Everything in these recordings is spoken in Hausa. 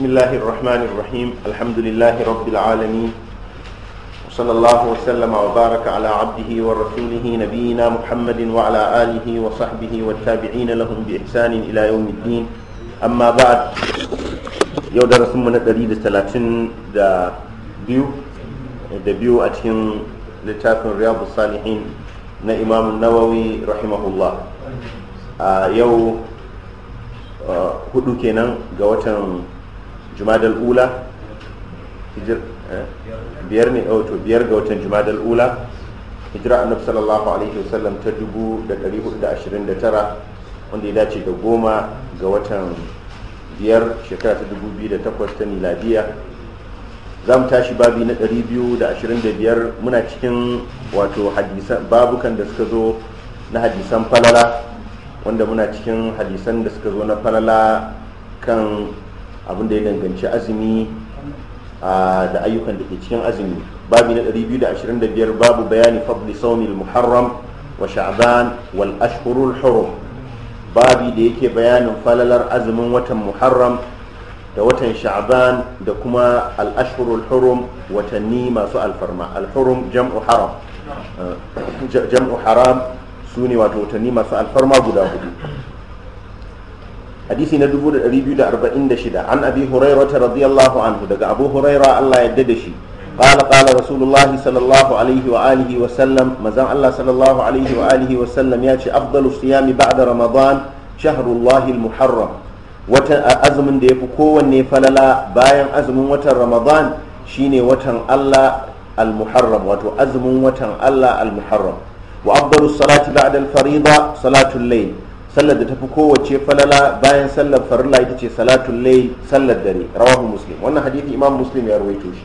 بسم الله الرحمن الرحيم الحمد لله رب العالمين وصلى الله وسلم وبارك على عبده ورسوله نبينا محمد وعلى آله وصحبه والتابعين لهم بإحسان إلى يوم الدين أما بعد يود رسمنا دليل ثلاثين دا بيو دا بيو أتهم لتاكن رياض الصالحين na imam nawawi rahimahullah a yau hudu kenan ga watan jumadal ula eh, biyar ne oh, to biyar ga watan jumadal ula hijira annabi sallallahu alaihi wasallam ta 1429 wanda ya dace da goma ga watan biyar shekara ta 2008 ta miladiya za mu tashi babi na 225 muna cikin wato hadisan babukan da suka zo na hadisan falala wanda muna cikin hadisan da suka zo na falala kan abin da ya danganci azumi da ayyukan da ke cikin azumi babi na 225 babu bayani fadli saunil muharram wa sha'ban wal ashhurul hurum babi da yake bayanin falalar azumin watan muharram da watan sha'ban da kuma al ashhurul hurum watanni masu alfarma al hurum jam'u haram uh, jam'u haram sune wato watanni masu alfarma guda hudu hadisi na 246 an abi hurairah radiyallahu anhu daga abu hurairah Allah ya da shi qala قال قال رسول الله wa الله عليه وآله وسلم مزان الله صلى الله عليه وآله وسلم ياتي أفضل الصيام بعد رمضان شهر الله المحرم wata azumin da ya fi kowanne falala bayan azumin watan ramadan shine watan allah al-muharram wato azumin watan allah al-muharram wa afdalu salati ba'da alfarida farida salatul layl sallar da tafi kowace falala bayan sallar farilla ita ce salatul lai sallar dare rawahu muslim wannan hadithi imam muslim ya rawaito shi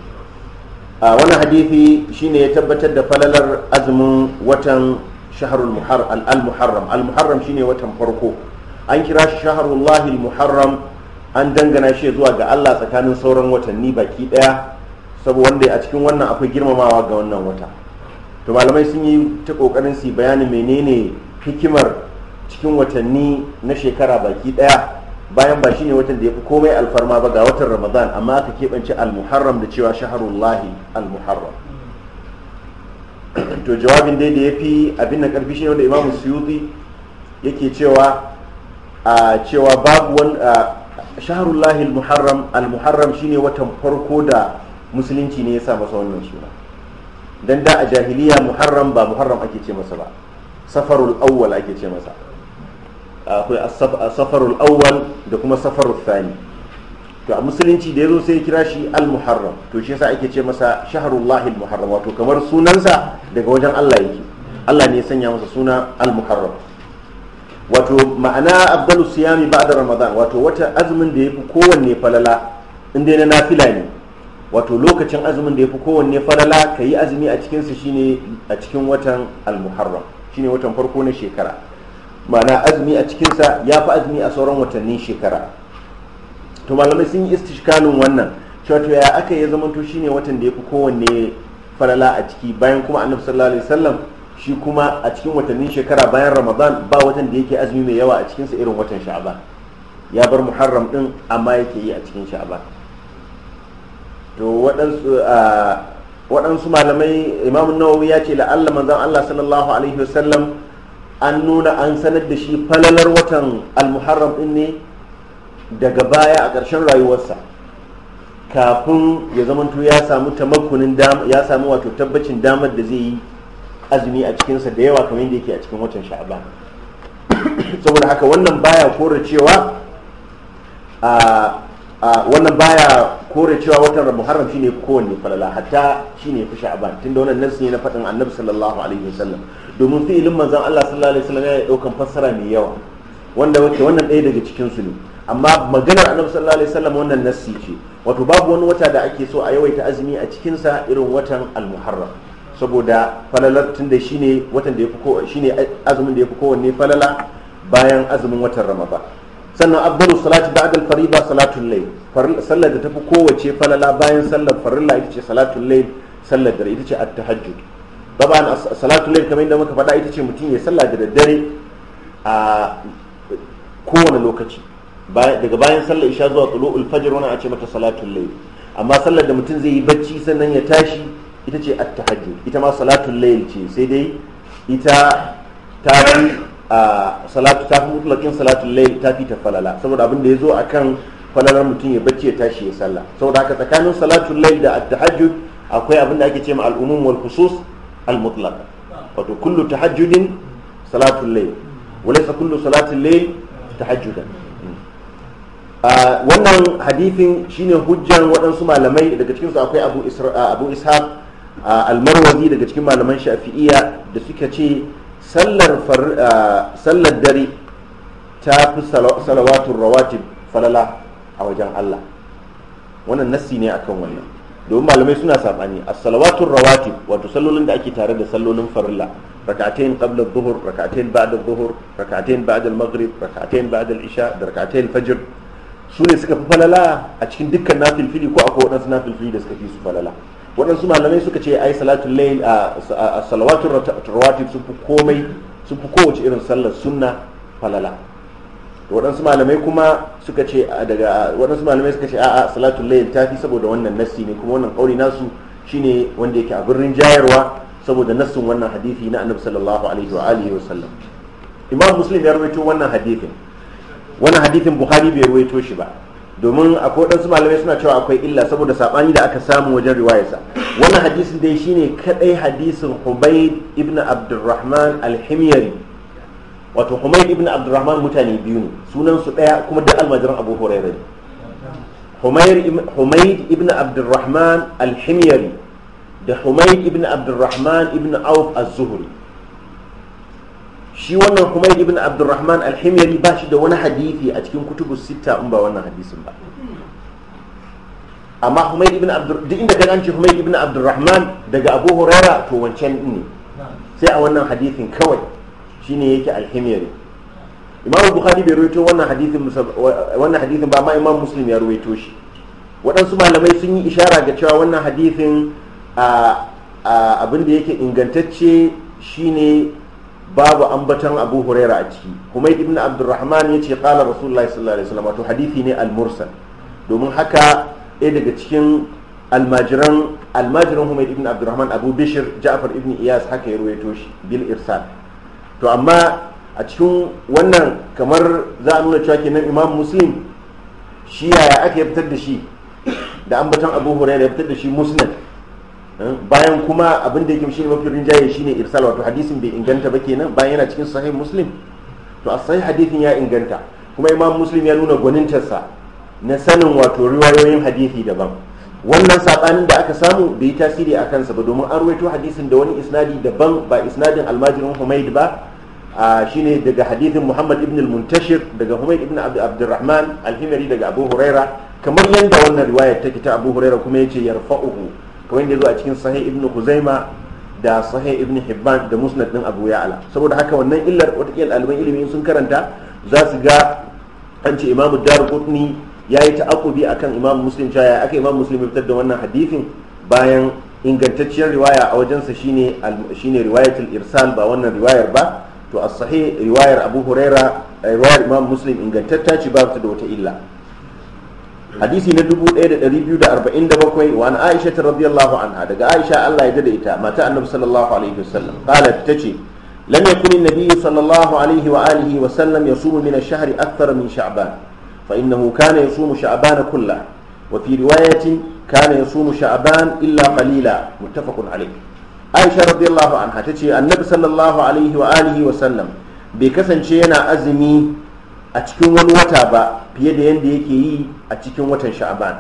a wannan hadisi shine ya tabbatar da falalar azumin watan shaharul muharram al muharram al muharram shine watan farko an kira shi shaharullahi al muharram an dangana shi zuwa ga Allah tsakanin sauran watanni baki daya saboda wanda a cikin wannan akwai girmamawa ga wannan wata to malamai sun yi ta kokarin su bayanin menene hikimar cikin watanni na shekara baki daya bayan ba shine watan da ya fi komai alfarma ba ga watan ramadan amma aka keɓance al-muharram da cewa shaharullahi al-muharram to jawabin dai da ya fi abin na karfi shine wanda imamu suyuti yake cewa a cewa babu wani shaharullahi al-muharram al shine watan farko da musulunci ne ya sa masa wannan suna dan da a jahiliya muharram ba muharram ake ce masa ba safarul awwal ake ce masa akwai safarul awwal da kuma safarul thani to a musulunci da yazo sai ya kira shi al-muharram to shi yasa ake ce masa shahrullahi al-muharram wato kamar sunansa daga wajen Allah yake Allah ne ya sanya masa suna al-muharram wato ma'ana abdalu siyami ba'da ramadan wato wata azumin da yafi kowanne falala inda na nafila ne wato lokacin azumin da yafi kowanne falala kayi azumi a cikin sa shine a cikin watan al-muharram shine watan farko na shekara ma'ana azumi a cikinsa ya fi azumi a sauran watannin shekara to malamai sun yi istishkalin wannan cewa to ya aka ya zamanto ne watan da ya fi kowanne falala a ciki bayan kuma annabi sallallahu alaihi wasallam shi kuma a cikin watannin shekara bayan ramadan ba watan da yake azumi mai yawa a cikinsa irin watan sha'ban ya bar muharram din amma yake yi a cikin sha'ban to waɗansu malamai imamun nawawi ya ce la'alla manzon allah sallallahu alaihi wasallam an nuna an sanar da shi falalar watan almuharram din ne daga baya a ƙarshen rayuwarsa kafin ya zamanto ya samu tamakunin ya samu wato tabbacin damar da zai yi azumi a cikinsa da yawa kamar yadda yake a cikin watan sha'aba saboda haka wannan baya kore cewa a wannan baya kore cewa watan muharram shine kowanne falala hatta shine fi sha'aban tunda wannan nasu ne na faɗin annabi sallallahu alaihi wasallam domin fi'ilin manzan Allah sallallahu alaihi wasallam ya daukan fassara mai yawa wanda wace wannan ɗaya daga cikin su ne amma maganar annabi sallallahu alaihi wasallam wannan nassi ce wato babu wani wata da ake so a yawaita azumi a cikin sa irin watan al-muharram saboda falalar tun da shine watan da yafi ko shine azumin da yafi kowanne falala bayan azumin watan ramadan sannan abdul salati ba'da al-fariba salatul layl sallar da tafi kowace falala bayan sallar farilla ita ce salatul layl sallar da ita ce at-tahajjud baba salatu layl kamar yadda muka faɗa ita ce mutum ya sallah da daddare a kowane lokaci daga bayan sallar isha zuwa tulu'ul ulfajir wani a ce mata salatul layl amma sallar da mutum zai yi bacci sannan ya tashi ita ce at ita ma salatul layl ce sai dai ita ta fi salatu ta fi mutlakin salatul layl ta fi ta falala saboda abin da ya zo akan falalar mutum ya bacci ya tashi ya sallah saboda haka tsakanin salatun layl da at akwai abin da ake ce ma al wal khusus al-mutlaq wato kullu tahajjudin salatul layl walaysa kullu salatul layl ah, wannan hadifin shine hujjan waɗansu malamai daga cikinsu akwai abu ah, abu ishaq ah, al daga cikin malaman shafi'iyya da suka ce sallar sallar dare ta fi salawatun rawatib falala a wajen Allah wannan nassi ne akan wannan domin malamai suna sabani a salawatun rawatib wato sallolin da ake tare da sallolin farilla rak'atayn qabla adh-dhuhr Ba'adar ba'da adh-dhuhr ba'da maghrib rak'atayn ba'da isha da rak'atayn Fajir fajr su ne suka fi falala a cikin dukkan nafilfili ko akwai waɗansu nafilfili da suka fi su falala waɗansu malamai suka ce ai salatul layl a salawatun rawatib sun fi komai sun fi kowace irin sallar sunna falala waɗansu malamai kuma suka ce daga waɗansu malamai suka ce a'a salatul layl ta fi saboda wannan nassi ne kuma wannan kauri nasu shine wanda yake a birnin jayarwa saboda nassin wannan hadisi na annabi sallallahu alaihi wa alihi wa sallam imam muslim ya rawaito wannan hadisin wannan hadisin bukhari bai rawaito shi ba domin akwai waɗansu malamai suna cewa akwai illa saboda saɓani da aka samu wajen riwayarsa wannan hadisin dai shine kadai hadisin hubayd ibnu abdurrahman al-himyari wato humaid ibn abdurrahman mutane biyu ne sunan su daya kuma duk almajiran abu hurairah ne humaid ibn abdurrahman al-himyari da humaid ibn abdurrahman ibn auf az-zuhri shi wannan humaid ibn abdurrahman al ba shi da wani hadisi a cikin kutubus sita in ba wannan hadisin ba amma humaid ibn abdur duk inda kan ce humaid ibn abdurrahman daga abu huraira to wancan ne sai a wannan hadisin kawai shine yake alhimiyari imamu bukhari bai ruwaito wannan hadithin ba ma imam muslim ya ruwaito shi waɗansu malamai sun yi ishara ga cewa wannan hadithin abin yake ingantacce shine babu ambaton abu huraira a ciki kuma ibn abdurrahman ya ce kala rasulullahi sallallahu alaihi wasallam wato hadithi ne al-mursal domin haka ɗaya daga cikin almajiran almajiran humayd ibn abdurrahman abu bishir ja'far ibn iyas haka ya ruwaito shi bil irsal to amma a cikin wannan kamar za a nuna cewa kenan imam muslim shi yaya aka fitar da shi da ambaton abu hurairah ya fitar da shi musnad eh, bayan kuma abin da yake shine mafi rinjaye shine irsal wato hadisin bai inganta ba kenan bayan yana cikin sahih muslim to a sahih hadisin ya inganta kuma imam muslim ya nuna gwanintarsa na sanin wato riwayoyin hadisi daban wannan sabanin da aka samu bai tasiri a kansa ba domin an ruwaito hadisin da wani isnadi daban ba isnadin almajirin humaid ba shine daga hadisin muhammad ibn al-muntashir daga humaid ibn abdurrahman al-himari daga abu huraira kamar yadda wannan riwayar take ta abu huraira kuma yace yarfa'uhu kamar yadda zuwa a cikin sahih ibn huzaima da sahih ibn hibban da musnad din abu ya'la saboda haka wannan illar wata ɗaliban ilimi sun karanta za su ga an ce imamu daruqutni ya yi ta'akubi kan imam muslim cewa ya aka imam muslim ya fitar da wannan hadisin bayan ingantacciyar riwaya a wajensa shine shine riwayatul irsal ba wannan riwayar ba to a sahi riwayar abu huraira eh, riwayar imam muslim ingantatta ce ba ta da wata illa hadisi na 1247 wa an aisha radiyallahu anha daga aisha Allah ya dade ita mata annabi sallallahu alaihi wasallam qalat tace lam yakun an-nabi sallallahu alaihi wa alihi wa sallam yasumu min ash-shahri akthar min sha'ban فإنه كان يصوم شعبان كله وفي رواية كان يصوم شعبان إلا قليلا متفق عليه عائشة رضي الله عنها تتي النبي صلى الله عليه وآله وسلم بكسن شينا أزمي أتكون ونوتابا بيد يندي أتكون وتن شعبان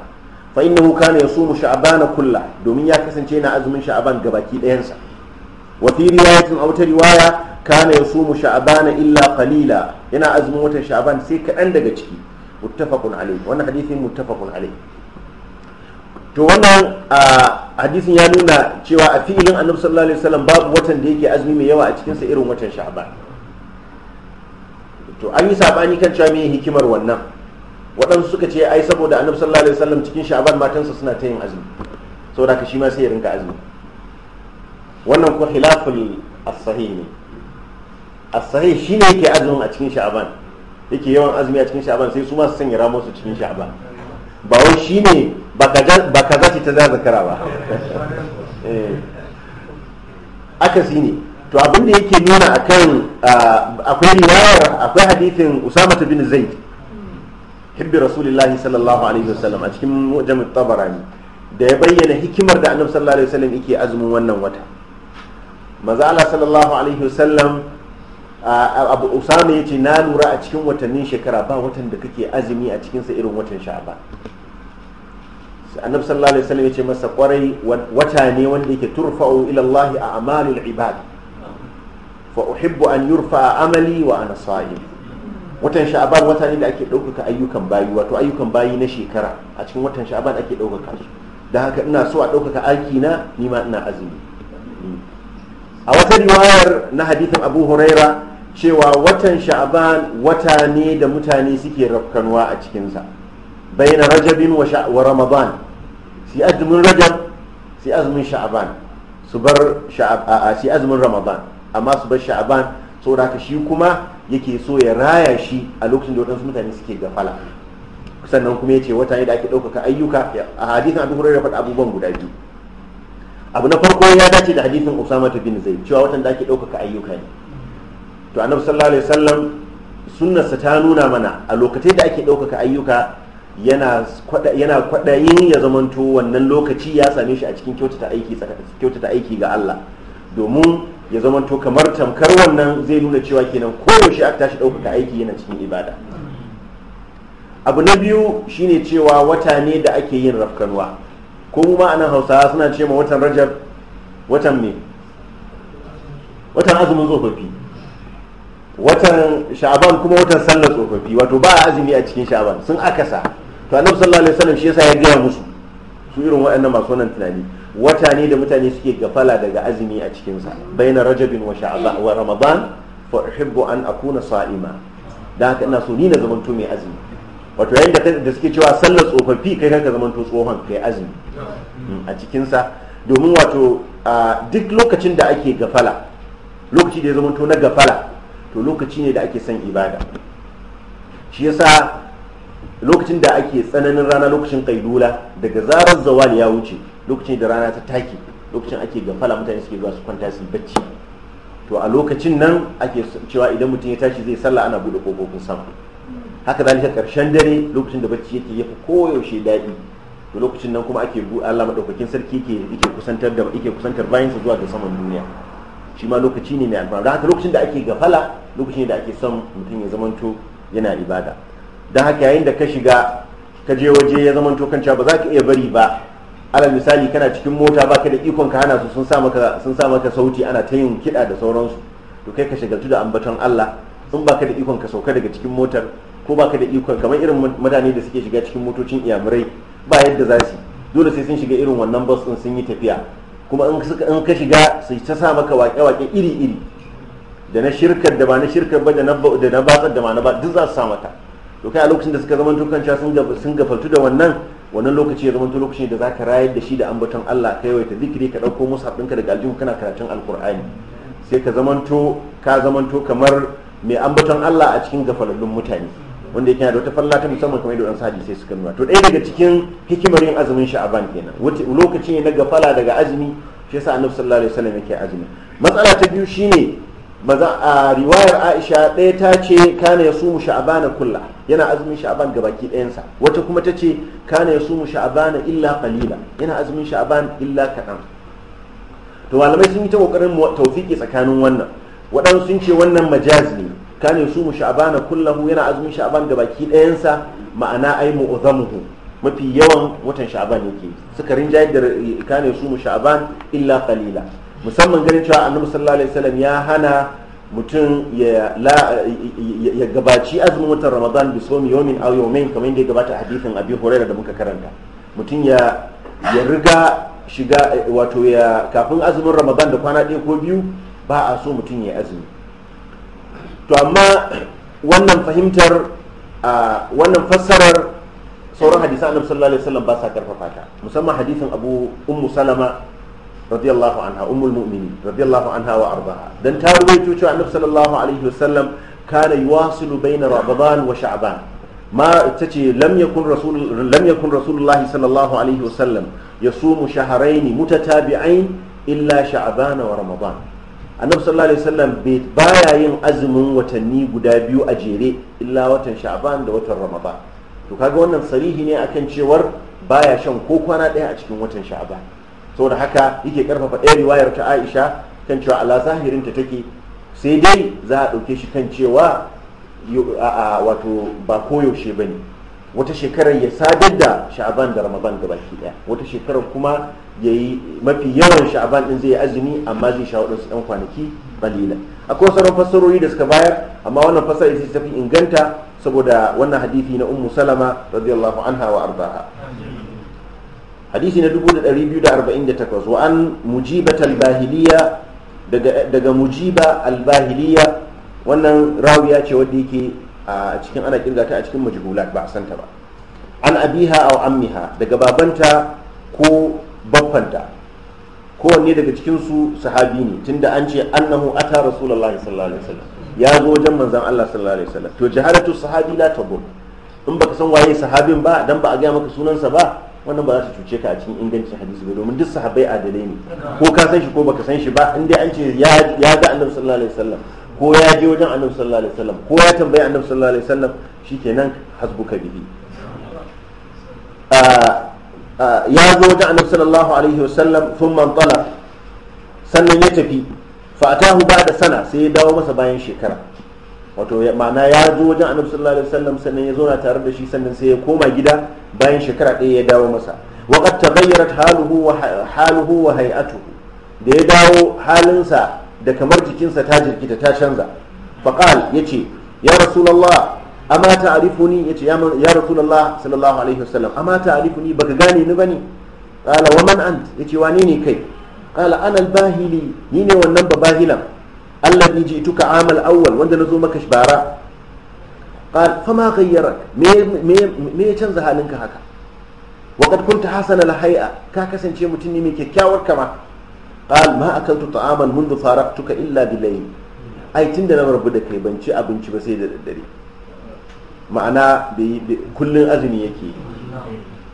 فإنه كان يصوم شعبان كله دوميا كسن شينا أزمي شعبان قباكي دينسا وفي رواية أو ترواية كان يصوم شعبان إلا قليلا ينا أزمي وتن شعبان سيك عندك تكي muttafaqun alayhi wannan hadisi muttafaqun alayhi to wannan hadisin ya nuna cewa a fi'ilin annabi sallallahu alaihi wasallam babu watan da yake azumi mai yawa a cikin sa irin watan sha'ban to an yi sabani kan cewa me hikimar wannan waɗansu suka ce ai saboda annabi sallallahu alaihi wasallam cikin sha'ban matansa suna ta yin azumi saboda ka shi ma sai ya rinka azumi wannan ko khilaful as-sahih ne as-sahih shine yake azumin a cikin sha'ban yake yawan azumi a cikin sha'aban sai su ma su sanya ramon su cikin sha'aban ba wai shine ba ka za ta zaza kara ba eh. aka si ne to abin da yake nuna akan akwai riwayar akwai hadithin usama bin zaid hibbi rasulullahi sallallahu alaihi wasallam a cikin mu'jam tabarani da ya bayyana hikimar da annabi sallallahu alaihi wasallam yake azumin wannan wata maza'ala sallallahu alaihi wasallam abu usama ya ce na lura a cikin watannin shekara ba watan da kake azumi a cikinsa irin watan sha'aba annabi sallallahu alaihi wasallam ya ce masa kwarai wata ne wanda yake turfa'u ila Allah a amalul ibad fa uhibbu an yurfa amali wa ana sa'im watan sha'ban wata ne da ake ɗaukaka ayyukan bayi wato ayyukan bayi na shekara a cikin watan sha'aban ake ɗaukaka shi da haka ina so a ɗaukaka aiki na ni ma ina azumi a wata riwayar na hadithin abu huraira cewa watan sha'ban wata ne da mutane suke rafkanwa a cikinsa bayan rajabin wa ramadan si azumin rajab si azumin sha'ban su bar si azumin ramadan amma su bar sha'ban da ka shi kuma yake so ya raya shi a lokacin da waɗansu mutane suke gafala sannan kuma ya ce wata ne da ake ɗaukaka ayyuka a hadisin abu hurairar faɗa abubuwan guda biyu abu na farko ya dace da hadisin usama bin zaid cewa watan da ake ɗaukaka ayyuka ne to annabi sallallahu alaihi wasallam sunnarsa ta nuna mana a lokacin da ake ɗaukaka ayyuka yana kwaɗayin ya zamanto wannan lokaci ya same shi a cikin kyautata aiki ga Allah domin ya zamanto kamar tamkar wannan zai nuna cewa kenan koyaushe a tashi ɗaukaka aiki yana cikin ibada abu na biyu shine cewa wata ne da ake yin rafkanuwa ko mu ma anan hausawa suna ce ma watan rajab watan ne watan azumin tsofaffi watan sha'aban kuma watan sallar tsofaffi wato ba azumi a cikin sha'aban sun akasa to annabi sallallahu alaihi wasallam shi yasa ya gaya musu su irin waɗannan masu wannan tunani wata ne da mutane suke gafala daga azumi a cikin sa baina rajabin wa sha'ban wa ramadan fa uhibbu an akuna sa'ima da haka ina so ni na zamanto mai azumi wato yayin da da suke cewa sallar tsofaffi kai kanka zamanto tsohon kai azumi mm, a cikin sa domin wato duk lokacin da ake gafala lokaci da ya zamanto na gafala to lokaci ne da ake son ibada shi yasa lokacin da ake tsananin rana lokacin kailula daga zarar zawal ya wuce lokacin da rana ta take lokacin ake gafala mutane suke zuwa su kwanta su bacci to a lokacin nan ake cewa idan mutum ya tashi zai sallah ana buɗe kofofin sama haka zalika karshen dare lokacin da bacci yake yafi koyaushe daɗi to lokacin nan kuma ake Allah madaukakin sarki yake kusantar da yake kusantar bayansa zuwa ga saman duniya shi ma lokaci ne mai amfani haka lokacin da ake gafala lokaci ne da ake son mutum ya zamanto yana ibada don haka yayin da ka shiga ka je waje ya zamanto kan ba za ka iya bari ba alal misali kana cikin mota ka da ikon ka hana su sun sa maka sun sa maka sauti ana ta yin kiɗa da sauransu to kai ka shagaltu da ambaton Allah in ka da ikon ka sauka daga cikin motar ko ba ka da ikon kamar irin mutane da suke shiga cikin motocin iyamurai ba yadda za su dole sai sun shiga irin wannan bus din sun yi tafiya kuma in ka shiga sai ta sa maka waƙe-waƙe iri-iri da na shirkar da ba na shirkar ba da na batsar da ma na ba duk za su sa mata to kai a lokacin da suka zamanto kanca sun gafaltu da wannan wannan lokaci ya zamanto lokaci da zaka rayar da shi da ambaton Allah ka yawaita zikiri ka dauko musu ɗinka daga aljihu kana karatun alkur'ani sai ka zamanto ka zamanto kamar mai ambaton Allah a cikin gafalallun mutane wanda yake da wata falla ta musamman kamar yadda wadansu sai suka nuna to ɗaya daga cikin hikimar yin azumin sha'aban kenan lokaci ne na gafala daga azumi shi yasa annabi sallallahu alaihi wasallam yake azumi matsala ta biyu shine maza a riwayar aisha ɗaya ta ce kana ya sumu sha'abana kulla yana azumin sha'aban ga baki ɗayansa wata kuma ta ce kana ya sumu sha'abana illa qalila yana azumin sha'aban illa kaɗan to malamai sun yi ta kokarin tawfiki tsakanin wannan waɗansu sun ce wannan majazi ne kane su na sha'abana kullahu yana azumin sha'aban ga baki ɗayansa ma'ana ai mu'azzamuhu mafi yawan watan sha'aban yake suka rinjayar da su mu sha'aban illa qalila musamman ganin cewa annabi sallallahu alaihi wasallam ya hana mutum ya gabaci azumin watan ramadan bi somi yomin aw yomin kamar yadda ya gabata a hadisin abi hurairah da muka karanta mutum ya ya riga shiga wato ya kafin azumin ramadan da kwana ɗaya ko biyu ba a so mutum ya azumi to amma wannan fahimtar wannan fassarar sauran hadisan annabi sallallahu alaihi wasallam ba sa karfafa ta musamman hadisin abu ummu salama radiyallahu anha ummul mu'minin radiyallahu anha wa ardaha dan ta ruwaito cewa annabi sallallahu alaihi wasallam kana yuwasilu baina ramadan wa sha'ban ma tace lam yakun rasul lam yakun rasulullah sallallahu alaihi wasallam yasumu shahrayn mutatabi'ain illa sha'ban wa ramadan annabi sallallahu alaihi wasallam baya yin azumin watanni guda biyu a jere illa watan sha'ban da watan ramadan to kaga wannan sarihi ne akan cewar baya shan ko kwana daya a cikin watan sha'ban saboda haka yake karfafa ɗaya riwayar ta aisha kan cewa ala zahirin ta take sai dai za a ɗauke shi kan cewa wato ba koyaushe ba ne wata shekarar ya sadar da sha'aban da ramadan gaba ki daya wata shekarar kuma ya yi mafi yawan sha'aban din zai yi azumi amma zai sha wadansu yan kwanaki balila akwai sauran fassarori da suka bayar amma wannan fassara ita tafi inganta saboda wannan hadisi na ummu salama radiyallahu anha wa arbaha hadisi na 2248 wa an mujibat al-bahiliya daga daga mujiba al-bahiliya wannan rawiya ce wanda yake a cikin ana kirga ta a cikin majhulat ba a santa ba an abiha aw ammiha daga babanta ko baffanta kowanne daga cikin su sahabi ne tunda an ce annahu ata rasulullahi sallallahu alaihi wasallam ya zo wajen manzon Allah sallallahu alaihi wasallam to jahalatu sahabi la tadur in baka san waye sahabin ba dan ba a ga maka sunan sa ba wannan ba za ta cuce ka a cikin ingancin hadisi ba domin duk sahabbai adalai ne ko ka san shi ko baka san shi ba in dai an ce ya ga annabi sallallahu alaihi wasallam ko ya je wajen annabi sallallahu alaihi wasallam ko ya tambayi annabi sallallahu alaihi wasallam shikenan hasbuka bihi ah, ah, ya zo wajen annabi sallallahu alaihi wasallam thumma tala sannan ya tafi fa atahu ba'da sana sai ya dawo masa bayan shekara wato ma'ana ya zo wajen annabi sallallahu alaihi wasallam sannan ya zauna tare da shi sannan sai ya koma gida bayan shekara ɗaya ya dawo masa wa qad taghayyarat haluhu wa haluhu wa hay'atuhu da ya dawo halinsa da kamar jikinsa ta jirgita ta canza faqal yace ya rasulullah amma ta'rifuni yace ya rasulullah sallallahu alaihi wasallam amma ta'rifuni baka gane ni bane qala wa man ant yace wane ne kai qala ana al-bahili ni ne wannan babahilan alladhi ji'tuka amal awwal wanda nazo maka bara qal fama ghayyarak me me me ya canza halinka haka wa qad kunta hasana al ka kasance mutum ne mai kyakkyawar kama qal ma akaltu ta'aman منذ faraqtuka illa bilayl ai tunda na rabu da kai ban ci abinci ba sai da daddare ma'ana kullun azumi yake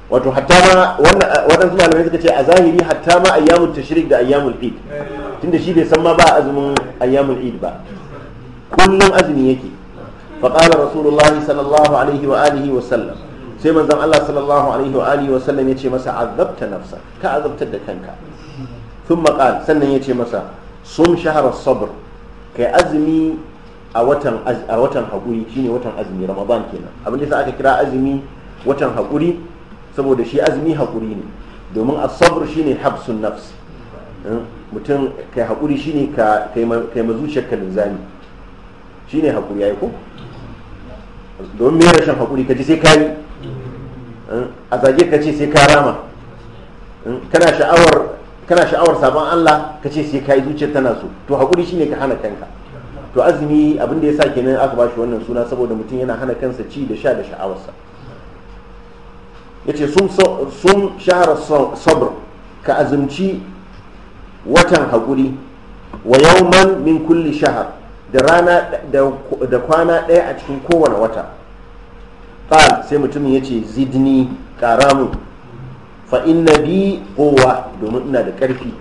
wato hatta ma waɗansu malamai suka ce a zahiri hatta ma ayyamul tashrik da ayyamul eid tunda shi bai san ma ba azumin ayyamul eid ba Kullum azumi yake fa qala rasulullahi sallallahu alaihi wa alihi wa sallam sai manzon Allah sallallahu alaihi wa alihi wa sallam yace masa azabta nafsa ka azabtar da kanka sun maƙal sannan ya ce masa sun shaharar sabr kai azumi a watan a watan haƙuri shine watan azumi ramadan kenan abin da aka kira azumi watan haƙuri saboda shi azumi haƙuri ne domin a sabr shine habsun nafs hmm? mutum kai haƙuri shine ka kai mazuciyar ka linzami shine haƙuri yi ko domin mai rashin haƙuri ka ji sai kayi hmm? a zage ka ce sai ka rama hmm? kana sha'awar kana sha'awar sabon Allah ka ce sai ka yi zuciyar tana so to hakuri shine ka hana kanka to azumi abin da ya sa kenan aka bashi wannan suna saboda mutum yana hana kansa ci da sha da sha'awarsa yace sun sun shahara sabr ka azumci watan hakuri wa yawman min kulli shahar da rana da kwana ɗaya a cikin kowane wata qal sai mutum yace zidni karamu fa inna bi kowa domin ina da ƙarfi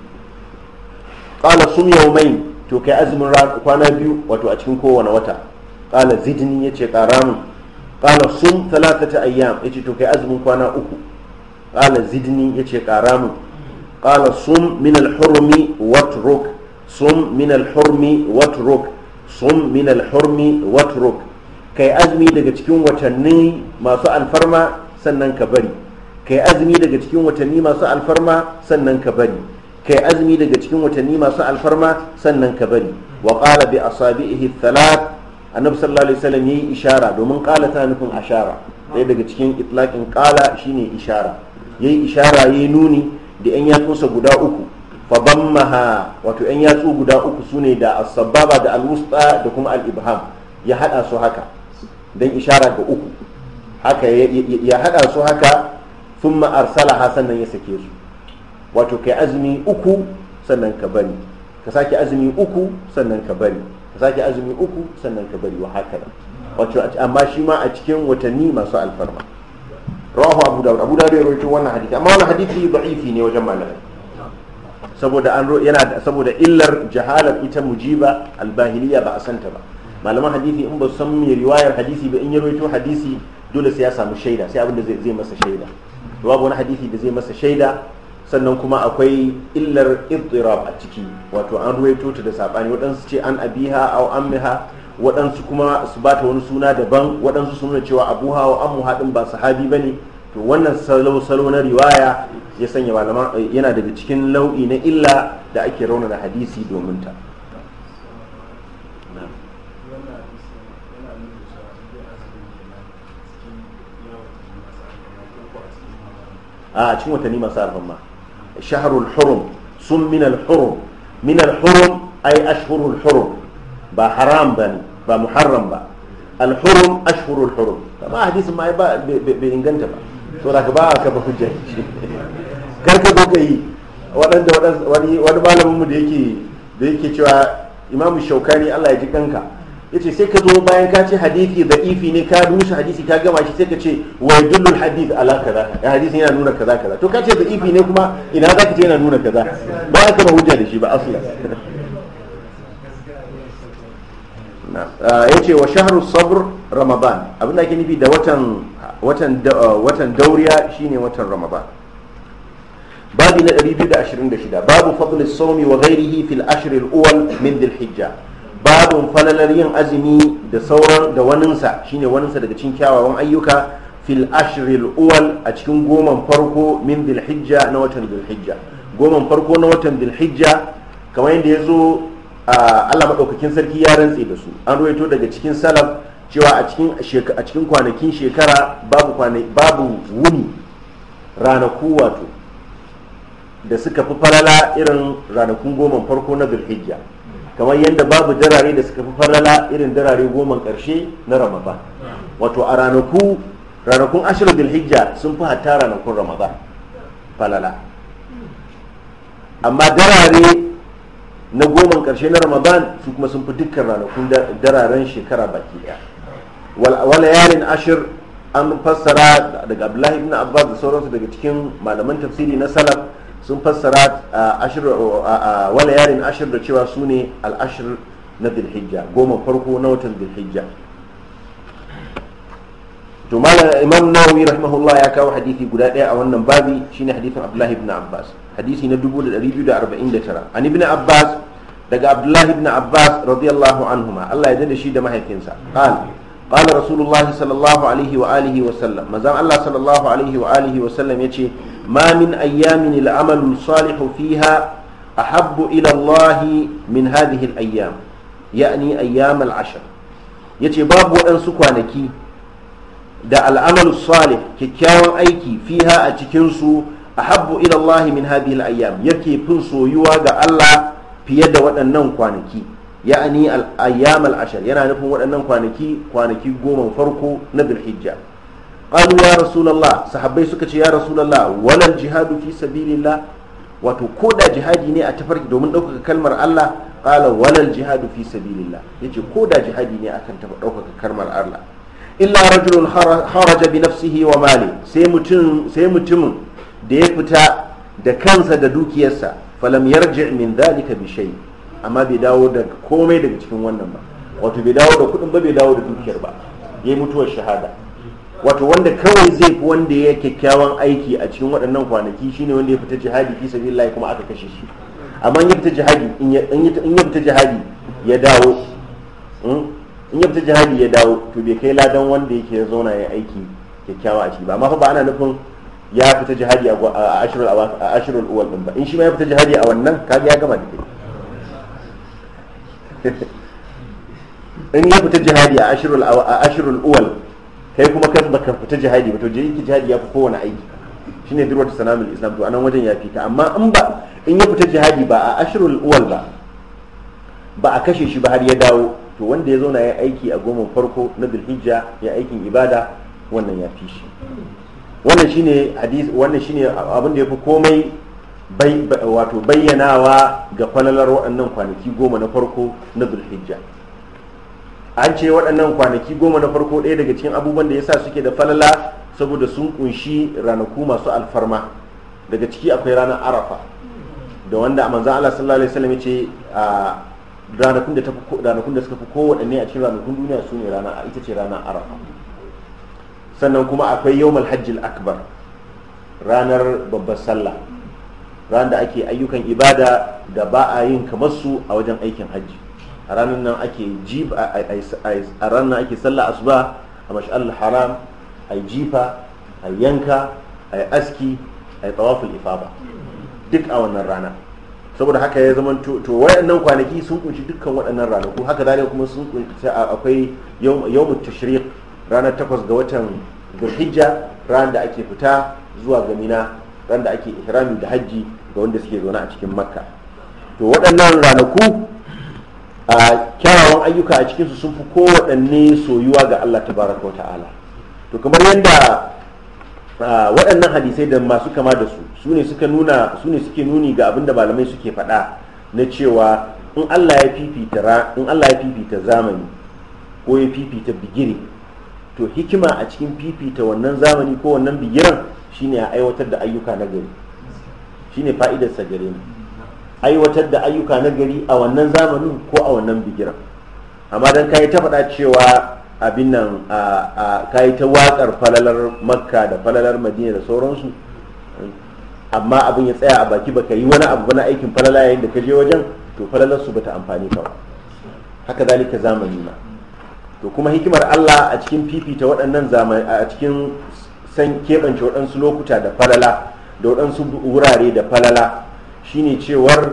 ƙala sun mai, to kai azumin kwana biyu wato a cikin kowane wata ƙala zidni ya ce ƙara mun ƙala sun ta ayyam ya ce to kai azumin kwana uku ƙala zidni ya ce ƙara mun ƙala sun min alhurmi watruk sun min alhurmi sun min alhurmi kai azumi daga cikin watanni masu alfarma sannan ka bari kai azumi daga cikin watanni masu alfarma sannan ka bari kai azumi daga cikin watanni masu alfarma sannan ka bari wa qala bi asabihi thalath annabi sallallahu alaihi wasallam yayi ishara domin qala ta nufin ashara ɗaya daga cikin itlaqin qala shine ishara yayi ishara yayi nuni da yan yatsunsa guda uku fabammaha wato yan yatsu guda uku sune da as-sababa da al-wusta da kuma al-ibham ya hada su haka dan ishara ga uku haka ya hada su haka thumma arsalaha sannan ya sake su wato kai azumi uku sannan ka bari ka azumi uku sannan ka bari ka azumi uku sannan ka bari wa haka wato amma shi ma a cikin watanni masu alfarma rawahu abu dawud abu dawud wannan hadisi amma wannan hadisi da'ifi ne wajen malamai saboda saboda illar jahalar ita mujiba albahiliya ba a santa ba malaman hadisi in ba san mai riwayar hadisi ba in ya rawaito hadisi dole sai ya samu shaida sai abin da zai masa shaida babu wani hadisi da zai masa shaida sannan kuma akwai illar iddirab a ciki wato an ruwaito ta da sabani waɗansu ce an abiha aw ammiha waɗansu kuma su bata wani suna daban waɗansu su nuna cewa abuha aw ammuha din ba sahabi bane to wannan salo salo na riwaya ya sanya malaman yana daga cikin lau'i na illa da ake raunana hadisi domin ta a cikin watanni masu alfarma shaharul hurum sun min al-hurum min al-hurum ay ashhurul hurum ba haram ba ba muharram ba al-hurum ashhurul hurum amma hadisin ma ba bai inganta ba saboda ka ba ka ba hujja kar ka zo ka yi waɗanda wani malamin mu da yake da yake cewa imamu shaukani Allah ya ji kanka yace sai ka zo bayan ka ce hadisi da ifi ne ka rushe hadisi ka gama shi sai ka ce wa yadullul hadith ala kaza hadisi yana nuna kaza kaza to ka ce da ifi ne kuma ina za ka ce yana nuna kaza ba aka ba hujja da shi ba aslan ah, ya ce wa shaharu sabr ramadan abin da ake nufi da watan ah, dauriya shine watan ramadan babi na 226 babu fadl saumi wa ghairihi fil ashr al-awwal min dhil hijja babun falalar yin azumi da sauran da waninsa shine waninsa daga cikin kyawawan ayyuka fil ashril uwal a cikin goman farko min dhilhijja na watan dhilhijja goman farko na watan dhilhijja kamar yadda ya zo Allah madaukakin sarki ya rantse da su an ruwaito daga cikin salaf cewa a cikin a cikin kwanakin shekara babu babu wuni ranaku wato da suka fi falala irin ranakun goman farko na dhilhijja kamar yadda babu darare da suka fi farala irin darare goma karshe na ramadan wato a ranaku ranakun ashirin dilhijja sun fi hatta ranakun ramadan falala amma darare na goma karshe na ramadan su kuma sun fi dukkan ranakun dararen shekara baki daya wala yarin ashir an fassara daga abdullahi ibn abbas da sauransu daga cikin malaman tafsiri na salaf sun fassara wala yarin ashir da cewa su ne al'ashir na dilhijja goma farko na watan dilhijja to malam imam nawawi rahimahullah ya kawo hadisi guda daya a wannan babi shine hadisin abdullahi ibn abbas hadisi na 2249 an ibn abbas daga abdullahi ibn abbas radiyallahu anhuma Allah ya dade shi da mahaifinsa qala qala rasulullah sallallahu alaihi wa alihi wa sallam manzon Allah sallallahu alaihi wa alihi wa sallam yace ما من أيام العمل الصالح فيها أحب إلى الله من هذه الأيام يعني أيام العشر يتي باب وأن سكوانكي da al'amalu salih kyakkyawan aiki fiha a cikinsu a habbu ilallahi min hadhihi ayyam yake fin soyuwa ga Allah fiye da waɗannan kwanaki ya'ani al-ayyam al-ashar yana nufin waɗannan kwanaki kwanaki goma farko na dhulhijja qalu ya rasulullah sahabbai suka ce ya rasulullah walal jihadu fi sabilillah wato ko da jihadi ne a tafarki domin ɗaukaka kalmar Allah qala walal jihadu fi sabilillah yace ko da jihadi ne akan ɗaukaka kalmar Allah illa rajulun haraja bi nafsihi wa mali sai mutum sai mutumin da ya fita da kansa da dukiyarsa falam yarji min dalika bi shay amma bai dawo da komai daga cikin wannan ba wato bai dawo da kuɗin ba bai dawo da dukiyar ba yayi mutuwar shahada wato wanda kawai zai fi wanda ya kyakkyawan aiki a cikin waɗannan kwanaki shine wanda ya fita jihadi fi sabilillah kuma aka kashe shi amma in ya fita jihadi in ya fita jihadi ya dawo hmm? in ya fita jihadi ya dawo to bai kai ladan wanda yake ya zauna ya aiki kyakkyawa a ciki ba amma fa ba ana nufin ya fita jihadi a ashirul a ashirul uwal din ba in shi ma ya fita jihadi a wannan kaga ya gama da kai in ya fita jihadi a ashirul a ashirul uwal kai kuma kan baka fita jihadi ba to je yake jihadi ya fi kowane aiki shine dirwatu sanamul islam to anan wajen ya fi ka amma in ba in ya fita jihadi ba a ashrul uwal ba ba a kashe shi ba har ya dawo to wanda ya zauna ya aiki a goma farko na bilhijja ya aikin ibada wannan ya fi shi wannan shine hadis abin da ya fi komai wato bayyanawa ga falalar waɗannan kwanaki goma na farko na bilhijja. an ce waɗannan kwanaki goma na farko ɗaya daga cikin abubuwan da yasa suke da falala saboda sun kunshi ranaku masu alfarma daga ciki akwai ranar arafa da wanda manzan Allah sallallahu alaihi wasallam ce ranakun da ranakun da suka fi kowanne a cikin ranakun duniya su ne rana ita ce ranar arafa sannan kuma akwai yawmal hajjil akbar ranar babbar sallah ranar da ake ayyukan ibada da ba a yin kamar su a wajen aikin hajji a ranar nan ake jifa a ranar ake sallah asuba a mash'al haram a jifa a yanka a aski a tawaful ifaba. duk a wannan rana saboda haka ya zama to wayannan kwanaki sun kunshi dukkan waɗannan ranaku haka dalil kuma sun kunshi akwai ta tashriq ranar takwas ga watan gurhijja. ranar da ake fita zuwa ga mina ranar da ake ihrami da hajji ga wanda suke zaune a cikin makka to waɗannan ranaku a kyawawan ayyuka a cikinsu sun fi kowaɗanne soyuwa ga Allah baraka wa ta'ala to kamar yadda waɗannan hadisai da masu kama da su su ne suka nuna su suke nuni ga abinda malamai suke faɗa na cewa in Allah ya fifita ya fifita zamani ko ya fifita bigire to hikima a cikin fifita wannan zamani ko wannan bigiran shine a aiwatar da ayyuka na gari shine fa'idarsa gare mu aiwatar da ayyuka na gari a wannan zamanin ko a wannan bigiran amma don kayi ta faɗa cewa abin nan kayi ta waƙar falalar makka da falalar madina da sauransu amma abin ya tsaya a baki baka yi wani abu na aikin falala yayin da ka je wajen to falalar su bata amfani ka ba haka zalika zamani ma to kuma hikimar Allah a cikin fifita waɗannan zamani a cikin san keɓance waɗansu lokuta da falala da waɗansu wurare da falala shine cewar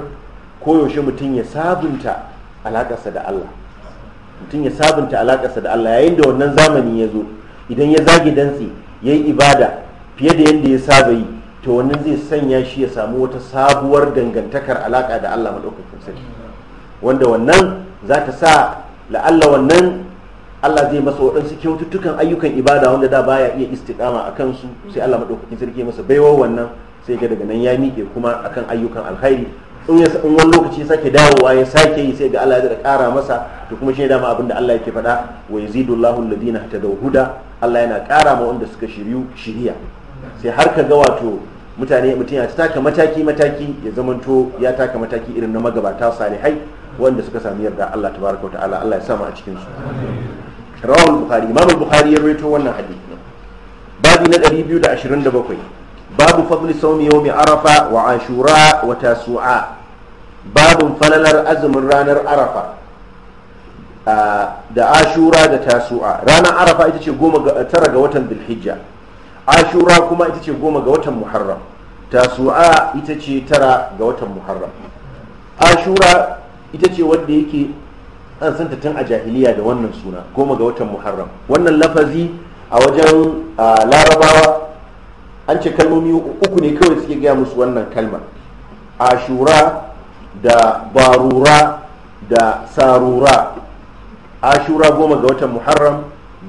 koyaushe mutum ya sabunta alakarsa da Allah mutum ya sabunta alakarsa da Allah yayin da wannan zamani ya zo idan ya zagi dantse ya yi ibada fiye da yadda ya saba yi to wannan zai sanya shi ya samu wata sabuwar dangantakar alaka da Allah maɗaukakin sarki wanda wannan za ta sa la'alla wannan Allah zai masa waɗansu kyaututtukan ayyukan ibada wanda da baya iya istiƙama a kansu sai Allah maɗaukakin sarki masa baiwar wannan sai ga daga nan ya miƙe kuma akan ayyukan alkhairi in ya in wani lokaci sake dawowa ya sake yi sai ga Allah ya ƙara masa to kuma shi ne dama abinda Allah yake faɗa wa yazidullahu alladhina hatadaw huda Allah yana ƙara ma wanda suka shiryu shiriya sai har ka ga wato mutane mutum ya taka mataki mataki ya zamanto ya taka mataki irin na magabata salihai wanda suka sami yarda Allah tabaraka wa ta'ala Allah ya sama a cikin su rawu bukhari imam bukhari ya rawaito wannan hadisi babu na 227 babu fadli saumi yawmi arafa wa ashura wa tasu'a Babu falalar azumin ranar arafa da ashura da tasu'a ranar arafa ita ce goma tara ga watan bilhijja ashura kuma ita ce goma ga watan muharram tasu'a ita ce tara ga watan muharram ashura ita ce wanda yake an santa tun a jahiliya da wannan suna goma ga watan muharram wannan lafazi a wajen larabawa an ce kalmomi uku ne kawai suke gaya musu wannan kalma ashura da barura da sarura ashura goma ga watan muharram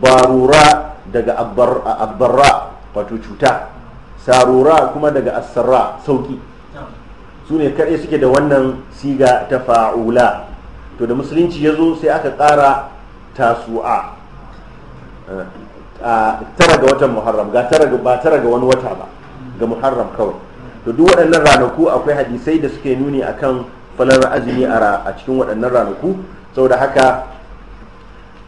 barura daga abbarra wato cuta sarura kuma daga asarra sauki su ne kaɗai suke da wannan siga ta fa'ula to da musulunci ya zo sai aka ƙara tasu'a eh. tara ga watan muharram ga tara ba tara ga wani wata ba ga muharram kawai to duk waɗannan ranaku akwai hadisai da suke nuni akan falar azumi a cikin waɗannan ranaku saboda haka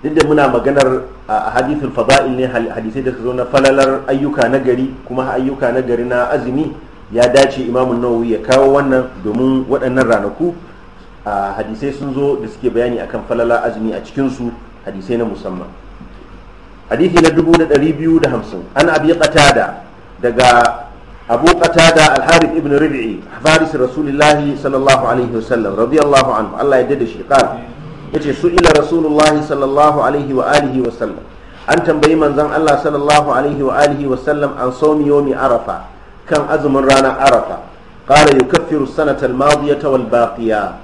duk da muna maganar a hadithul fada'il ne hadisai da suka zo na falalar ayyuka na gari kuma ayyuka na gari na azumi ya dace imamun nawawi ya kawo wannan domin waɗannan ranaku hadisai sun zo da suke bayani akan falalar azumi a cikin su hadisai na musamman hadithi na dubu da ɗari biyu da hamsin an abi qatada daga abu qatada al-harith ibn rabi'i faris rasulillahi sallallahu alaihi wasallam radiyallahu anhu Allah ya dade shi qala yace su ila rasulullahi sallallahu alaihi wa alihi an tambayi manzon Allah sallallahu alaihi wa alihi an somi yawmi arafa kan azumin ranar arafa ƙara yukaffiru sanata al-madiyata wal baqiya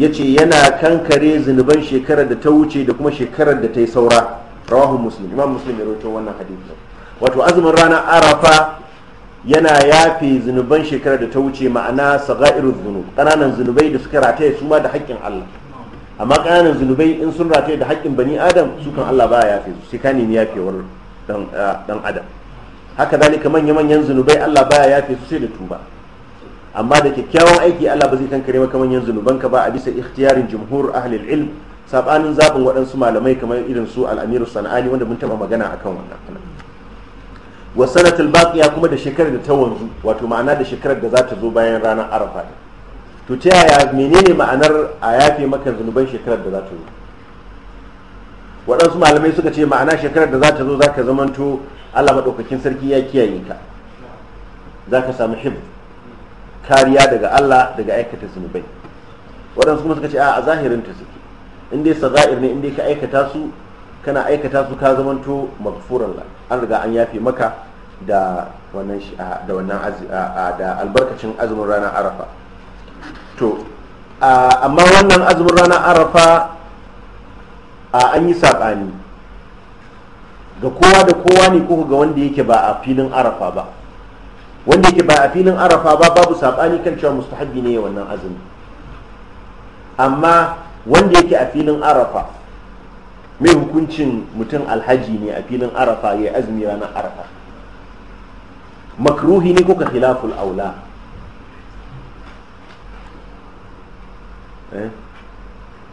yace yana kankare zunuban shekarar da ta wuce da kuma shekarar da ta yi saura rawahu muslim imam muslim ya rawaito wannan hadisin wato azumin rana arafa yana yafe zunuban shekarar da ta wuce ma'ana sagairu zunub kananan zunubai da suka rataye su ma da haƙƙin Allah amma kananan zunubai in sun rataye da haƙƙin bani adam su kan Allah ba ya yafe su sai ne nemi yafewar dan adam haka zalika manya manyan zunubai Allah ba ya yafe su sai da tuba amma da kyakkyawan aiki Allah ba zai kankare maka manyan zunuban ka ba a bisa ikhtiyarin jumhur ahlul ilm sabanin zaɓin waɗansu malamai kamar irin su al'amiru sana'ani wanda mun taɓa magana a kan wannan wa sanatul baqiya kuma da shekarar da ta wanzu wato ma'ana da shekarar da za ta zo bayan ranar arafa to ta yaya menene ma'anar a yafe maka zunuban shekarar da za ta zo waɗansu malamai suka ce ma'ana shekarar da za ta zo za ka zamanto allah maɗaukakin sarki ya kiyaye ka za ka samu hib kariya daga allah daga aikata zunubai waɗansu kuma suka ce a zahirin ta suke in dai saza'ir ne in dai ka aikata su kana aikata su ka zamanto maghfuran la. an riga an yafe maka da wannan da wannan da albarkacin azumin ranar arafa to amma wannan azumin ranar arafa a an yi saɓani ga kowa da kowa ne ko ga wanda yake ba a filin arafa ba wanda yake ba a filin arafa ba babu saɓani kan cewa mustahabbi ne wannan azumi amma wanda yake a filin arafa mai hukuncin mutum alhaji ne a filin arafa ya azumi ranar arafa makruhi ne ko ka khilaful aula eh?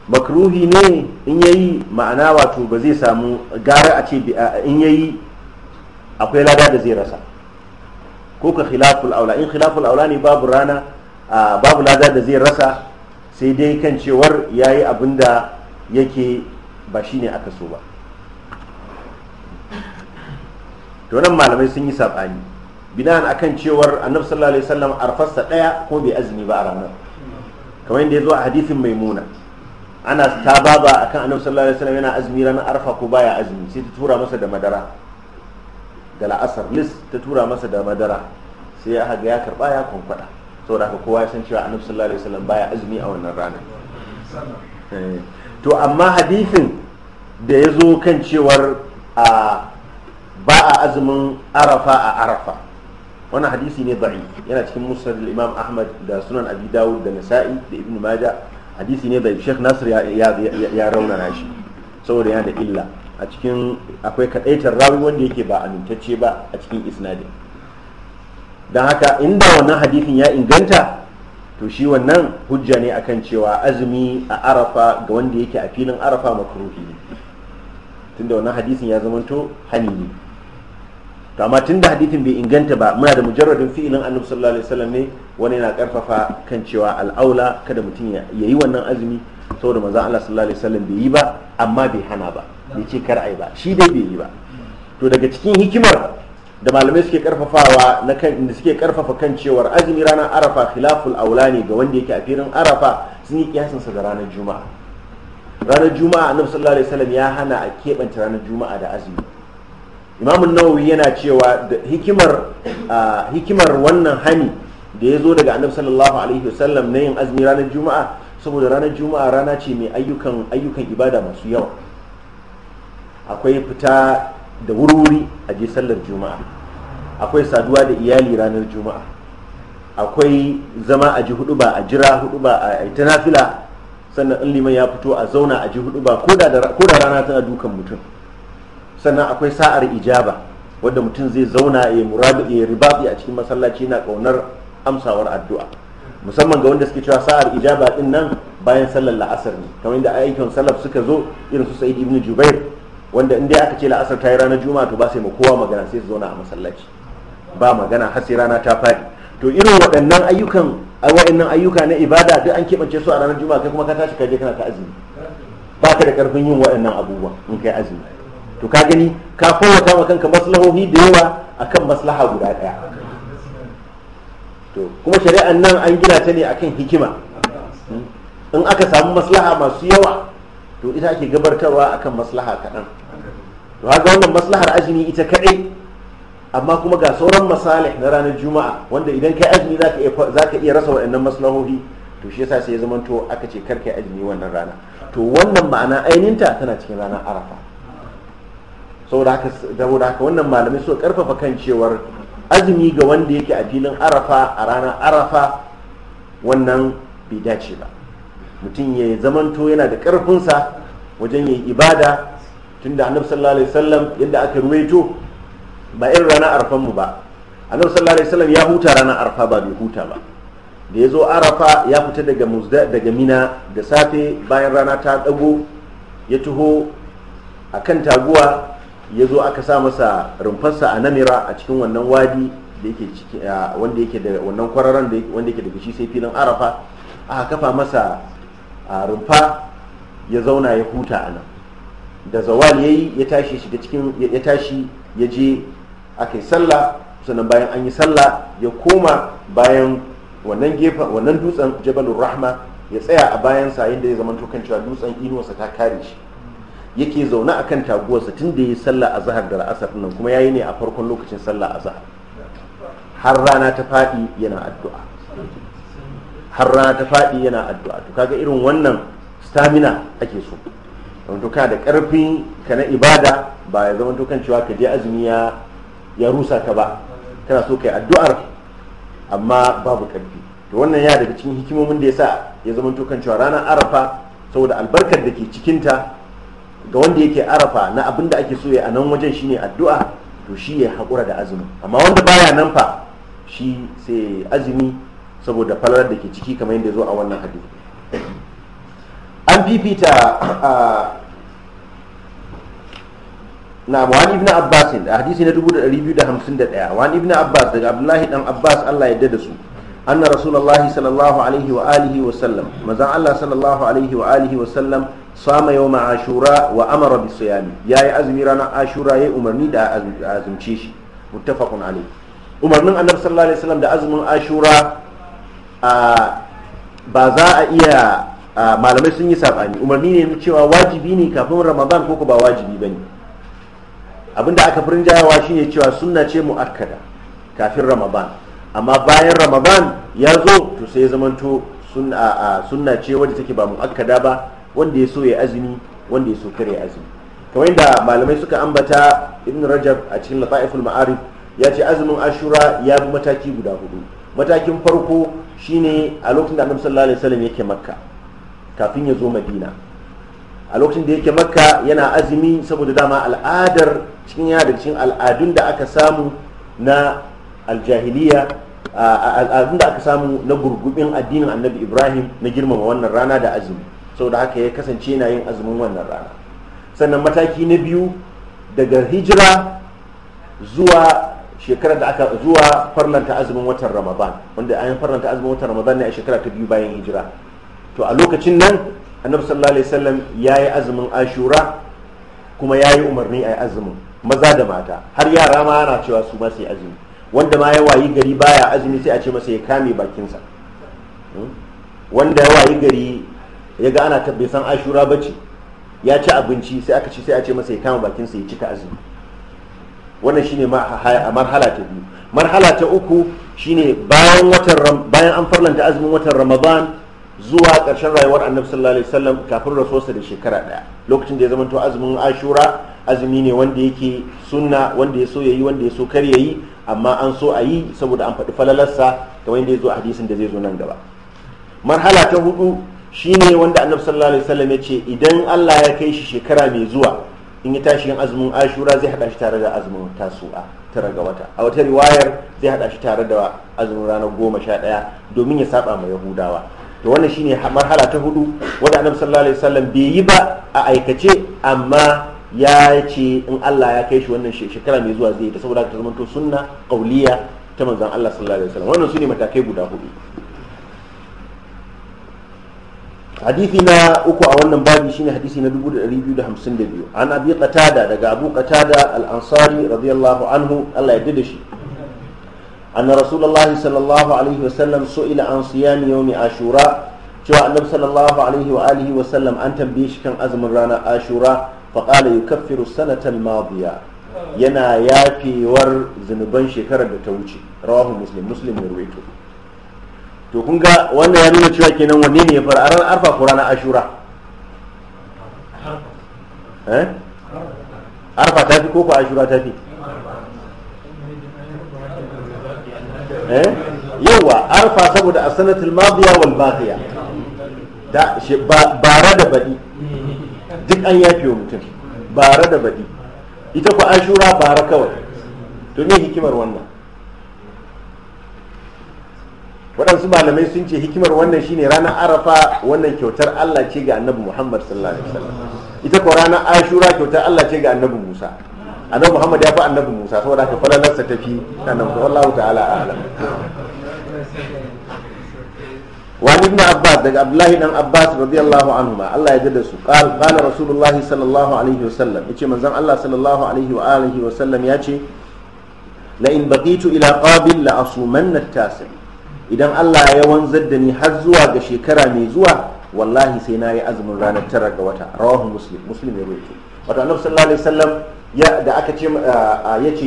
makruhi ne in yayi ma'ana wato ba zai samu gara a ce in yayi akwai lada da zai rasa ko ka khilaful aula in khilaful aula ne babu rana babu lada da zai rasa sai dai kan cewar ya yi abin da yake ba shi ne aka so ba tonan malamai sun yi saɓani bidan akan cewar annabi sallallahu alaihi wasallam arfarsa ɗaya ko bai azumi ba a ranar kamar yadda ya zo a hadithin maimuna ana ta baba akan annabi sallallahu alaihi wasallam yana azumi ranar arfa ko baya azumi sai ta tura masa da madara da la'asar lis ta tura masa da madara sai ya haga ya karba ya kwankwada saboda haka kowa ya san cewa annabi sallallahu alaihi wasallam baya azumi a wannan ranar eh, to amma hadisin da ya zo kan cewar a ba a azumin arafa a arafa wani hadisi ne da'i yana cikin musnad imam ahmad da sunan abi dawud da nasa'i da ibn maja hadisi ne da'i sheikh nasir ya raunana shi saboda yana da illa a cikin akwai kadaitar rawi wanda yake ba amintacce ba a cikin isnadin don haka inda wannan hadithin ya inganta to shi wannan hujja ne akan cewa azumi a arafa ga wanda yake a filin arafa makaruhi ne tunda wannan hadisin ya zamanto hani ne to amma tunda hadisin bai inganta ba muna da mujarradin fi'ilin annabi sallallahu alaihi wasallam ne wani yana karfafa kan cewa al'aula kada mutum ya yi wannan azumi saboda manzon Allah sallallahu alaihi wasallam bai yi ba amma bai hana ba bai ce kar ai ba shi dai bai yi ba to daga cikin hikimar da malamai suke karfafawa na kan da suke karfafa kan cewar azumi ranar arafa khilaful aula ne ga wanda yake a firin arafa sun yi kiyasin sa da ranar juma'a ranar juma'a annabi sallallahu alaihi wasallam ya hana a kebanta ranar juma'a da azumi imamu nawawi yana cewa da hikimar hikimar wannan hani da ya zo daga annabi sallallahu alaihi wasallam na yin azumi ranar juma'a saboda ranar juma'a rana ce mai ayyukan ayyukan ibada masu yawa akwai fita da wuri wuri a je sallar juma'a akwai saduwa da iyali ranar juma'a akwai zama a ji hudu ba a jira hudu ba a tana nafila sannan in liman ya fito a zauna a ji hudu ba ko da rana tana dukan mutum sannan akwai sa'ar ijaba wadda mutum zai zauna ya murabi ya ribabi a cikin masallaci na ƙaunar amsawar addu'a musamman ga wanda suke cewa sa'ar ijaba ɗin nan bayan sallar la'asar ne kamar yadda ayyukan salaf suka zo irin su sa'id ibn jubair wanda in dai aka ce la'asar ta yi ranar juma'a to ba sai mu kowa magana sai su zauna a masallaci ba magana har sai rana ta faɗi to irin waɗannan ayyukan waɗannan ayyuka na ibada duk an keɓance su a ranar juma'a kai kuma ka tashi ka je kana ta azumi ba ka da ƙarfin yin waɗannan abubuwa in kai azumi to ka gani ka fawata ta kanka maslahohi da yawa akan maslaha guda ɗaya to kuma shari'ar nan an gina ta ne akan hikima hmm? in aka samu maslaha masu yawa to ita ake gabatarwa akan maslaha kaɗan to haka wannan maslahar azumi ita kaɗai amma kuma ga sauran masalih na ranar juma'a wanda idan kai azumi za ka iya rasa waɗannan maslahohi to shi yasa sai ya zamanto aka ce kar kai azumi wannan rana to wannan ma'ana aininta tana cikin ranar arafa saboda haka saboda haka wannan malamai suka karfafa kan cewar azumi ga wanda yake a filin arafa a ranar arafa wannan bai dace ba mutum ya zamanto yana da ƙarfinsa wajen yi ibada tunda annabi sallallahu alaihi wasallam yadda aka ruwaito ba irin ranar arfan ba annabi sallallahu alaihi wasallam ya huta ranar arfa ba bai huta ba da ya zo arafa ya fita daga muzda daga mina da safe bayan rana ta dago ya taho kan taguwa ya zo aka sa masa rumfarsa a namira a cikin wannan wadi da yake wanda yake da wannan kwararan wanda yake daga shi sai filin arafa aka kafa masa a rumfa ya zauna ya huta a nan da zawal ya yi ya tashi shiga cikin ya tashi ya je aka yi sallah sannan bayan an yi sallah ya koma bayan wannan gefen wannan dutsen jabalur rahma ya tsaya a bayan sa da ya zama kan cewa dutsen inuwarsa ta kare shi yake zaune a kan taguwarsa tun da ya yi sallah a zahar da la'asar nan kuma ya yi ne a farkon lokacin sallah a zahar har rana ta faɗi yana addu'a har rana ta faɗi yana addu'a to kaga irin wannan stamina ake so wato ka da ƙarfin ka na ibada ba ya zama kan cewa ka je azumi ya rusa ka ba kana so kai addu'ar amma babu ƙarfi to wannan ya daga cikin hikimomin da yasa ya zama kan cewa ranar arafa saboda albarkar da ke cikinta ga wanda yake arafa na abin da ake so ya a nan wajen shine addu'a to shi ya haƙura da azumi amma wanda baya nan fa shi sai azumi saboda falalar da ke ciki kamar yadda zo a wannan hadu an fifita na wani ibn abbas da hadisi na 251 wani ibn abbas daga abdullahi dan abbas Allah ya dada da su anna rasulullahi sallallahu alaihi wa alihi wa sallam mazan Allah sallallahu alaihi wa alihi wa sallam sama yawma ashura wa amara bi siyami yayi azumi ranar ashura yayi umarni da azumce shi muttafaqun alaihi umarnin annabi sallallahu alaihi sallam da azumin ashura ba za a iya malamai sun yi saɓani umarni ne cewa wajibi ne kafin ramadan ko ba wajibi ba ne abinda aka fi rinjayawa shine cewa sunna ce mu'akkada kafin ramadan amma bayan ramadan ya zo to sai ya zamanto sunna ce wadda take ba mu'akkada ba wanda ya so ya azumi wanda ya so kare azumi kamar yadda malamai suka ambata ibn rajab a cikin lata'iful ma'arif ya ce azumin ashura ya bi mataki guda hudu matakin farko shine a lokacin da annabi sallallahu alaihi wasallam yake makka kafin ya zo madina a lokacin da yake makka yana azumi saboda dama al'adar cikin ya da cikin al'adun da aka samu na aljahiliya al'adun da aka samu na gurgubin addinin annabi ibrahim na girmama wannan rana da azumi saboda haka ya kasance yana yin azumin wannan rana sannan mataki na biyu daga hijira zuwa shekarar da aka zuwa farlanta azumin watan ramadan wanda an farlanta azumin watan ramadan ne a shekara ta biyu bayan hijira to a lokacin nan annabi sallallahu alaihi wasallam ya yi azumin ashura kuma ya yi umarni a yi azumin maza da mata har yara ma ana cewa su ma su yi azumi wanda ma ya wayi gari baya azumi sai a ce masa ya kame bakinsa hmm? wanda ya wayi gari ya ga ana tabbai san ashura bace ya ci abinci sai aka ci sai a ce masa ya kama bakinsa ya cika azumi wannan shine marhala ta biyu marhala ta uku shine bayan watan bayan an farlanta azumin watan ramadan zuwa ƙarshen rayuwar annabi sallallahu alaihi wasallam kafin rasuwarsa da shekara ɗaya lokacin da ya zamanto azumin ashura azumi ne wanda yake sunna wanda ya so yayi wanda ya so kar yayi amma an so a yi saboda an faɗi falalarsa ta wanda ya zo hadisin da zai zo nan gaba marhala ta hudu shine wanda annabi sallallahu alaihi wasallam ya ce idan Allah ya kai shi shekara mai zuwa in ya tashi yin azumin ashura zai hada shi tare da azumin tasu'a tara ga wata a wata riwayar zai hada shi tare da azumin ranar goma sha ɗaya domin ya saba ma yahudawa to wannan shine marhala ta hudu wanda annabi sallallahu alaihi wasallam bai yi ba a aikace amma ya ce in Allah ya kai shi wannan shekara mai zuwa zai ta saboda ta zama to sunna qauliya ta manzon Allah sallallahu alaihi wasallam wannan sune matakai guda hudu hadisi na uku a wannan babi shine hadisi na 2252 an abi qatada daga abu qatada al-ansari radiyallahu anhu Allah ya shi anna rasulullahi sallallahu alaihi wa sallam su'ila an siyami yawmi ashura cewa annabi sallallahu alaihi an tambaye shi kan azumin ranar ashura fa qala yukaffiru sanata al yana yafewar zunuban shekarar da ta wuce rawahu muslim to kun ga wannan ya nuna cewa kenan wanne ne ya fara ran arfa ko ranar ashura eh? arfa ta fi ko ko ashura ta fi eh? yawa arfa saboda a madiya wal baqiya da bara da badi, duk an yafe wa mutum bara da badi, ita ku ashura bara kawai to ne hikimar wannan waɗansu malamai sun ce hikimar wannan shine ranar arafa wannan kyautar allah ce ga annabi muhammad sallallahu alaihi wasallam ita ko ranar ashura kyautar allah ce ga annabi musa annabi muhammad ya fi annabi musa saboda haka falalarsa ta fi annabi wallahu ta'ala a'lam وعن ابن عباس دق abbas الله بن عباس رضي الله عنهما الله يجدسه قال قال رسول الله صلى الله عليه وسلم يجي من زم الله صلى ya ce la وسلم يجي ila بقيت إلى قابل لأصومن idan Allah ya wanzar da ni har zuwa ga shekara mai zuwa wallahi sai na yi azumin ranar tara ga wata rawahu muslim muslim ya rawaito wato annabi sallallahu alaihi wasallam da aka ce yace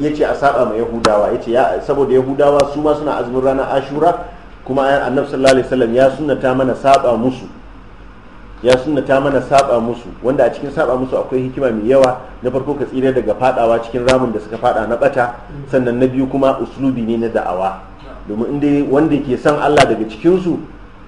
ya ce a saba ma yahudawa yace saboda yahudawa su ma suna azumin ranar ashura kuma annabi sallallahu alaihi wasallam ya sunnata mana saba musu ya sunnata mana saba musu wanda a cikin saba musu akwai hikima mai yawa na farko ka tsira daga fadawa cikin ramin da suka fada na bata sannan na biyu kuma uslubi ne na da'awa domin inda wanda ke san Allah daga cikinsu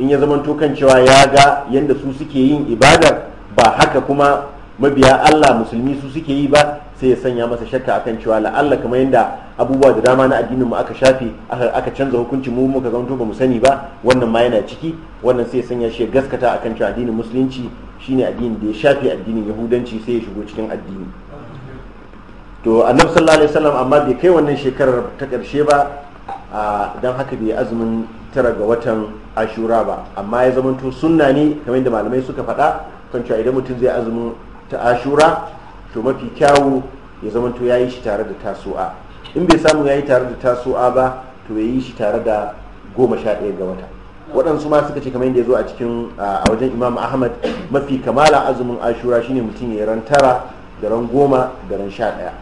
in ya zama kan cewa ya ga yadda su suke yin ibadar ba haka kuma mabiya Allah musulmi su suke yi ba sai ya sanya masa shakka akan cewa la'alla kamar yadda abubuwa da dama na addinin mu aka shafe aka canza hukunci mu muka zanto ba mu sani ba wannan ma yana ciki wannan sai ya sanya shi ya gaskata akan cewa addinin musulunci shi ne addinin da ya shafe addinin yahudanci sai ya shigo cikin addini to annabi sallallahu alaihi wasallam amma bai kai wannan shekarar ta karshe ba don haka bai azumin tara ga watan ashura ba amma ya zamanto sunna ne kamar da malamai suka faɗa kan cewa idan mutum zai azumin ta ashura to mafi kyawu ya to ya yi shi tare da tasu'a in bai samu ya yi tare da tasu'a ba to ya yi shi tare da goma sha ɗaya ga wata waɗansu ma suka ce kamar yadda ya zo a cikin a wajen imam ahmad mafi kamala azumin ashura shine mutum ya yi ran tara da ran goma da ran sha ɗaya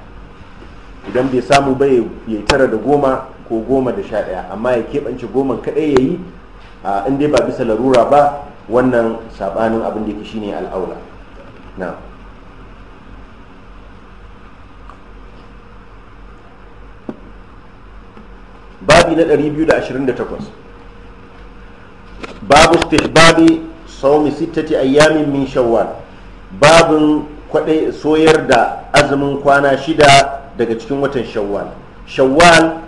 idan bai samu ba ya tara da goma ko goma da sha ɗaya amma ya keɓance goma kaɗai ya yi in dai ba bisa larura ba wannan saɓanin abin da yake shine al'aula na babi na 228 babu stihbabi saumi sittati ayyamin min shawwal babin kwaɗai soyar da azumin kwana shida daga cikin watan shawwal shawwal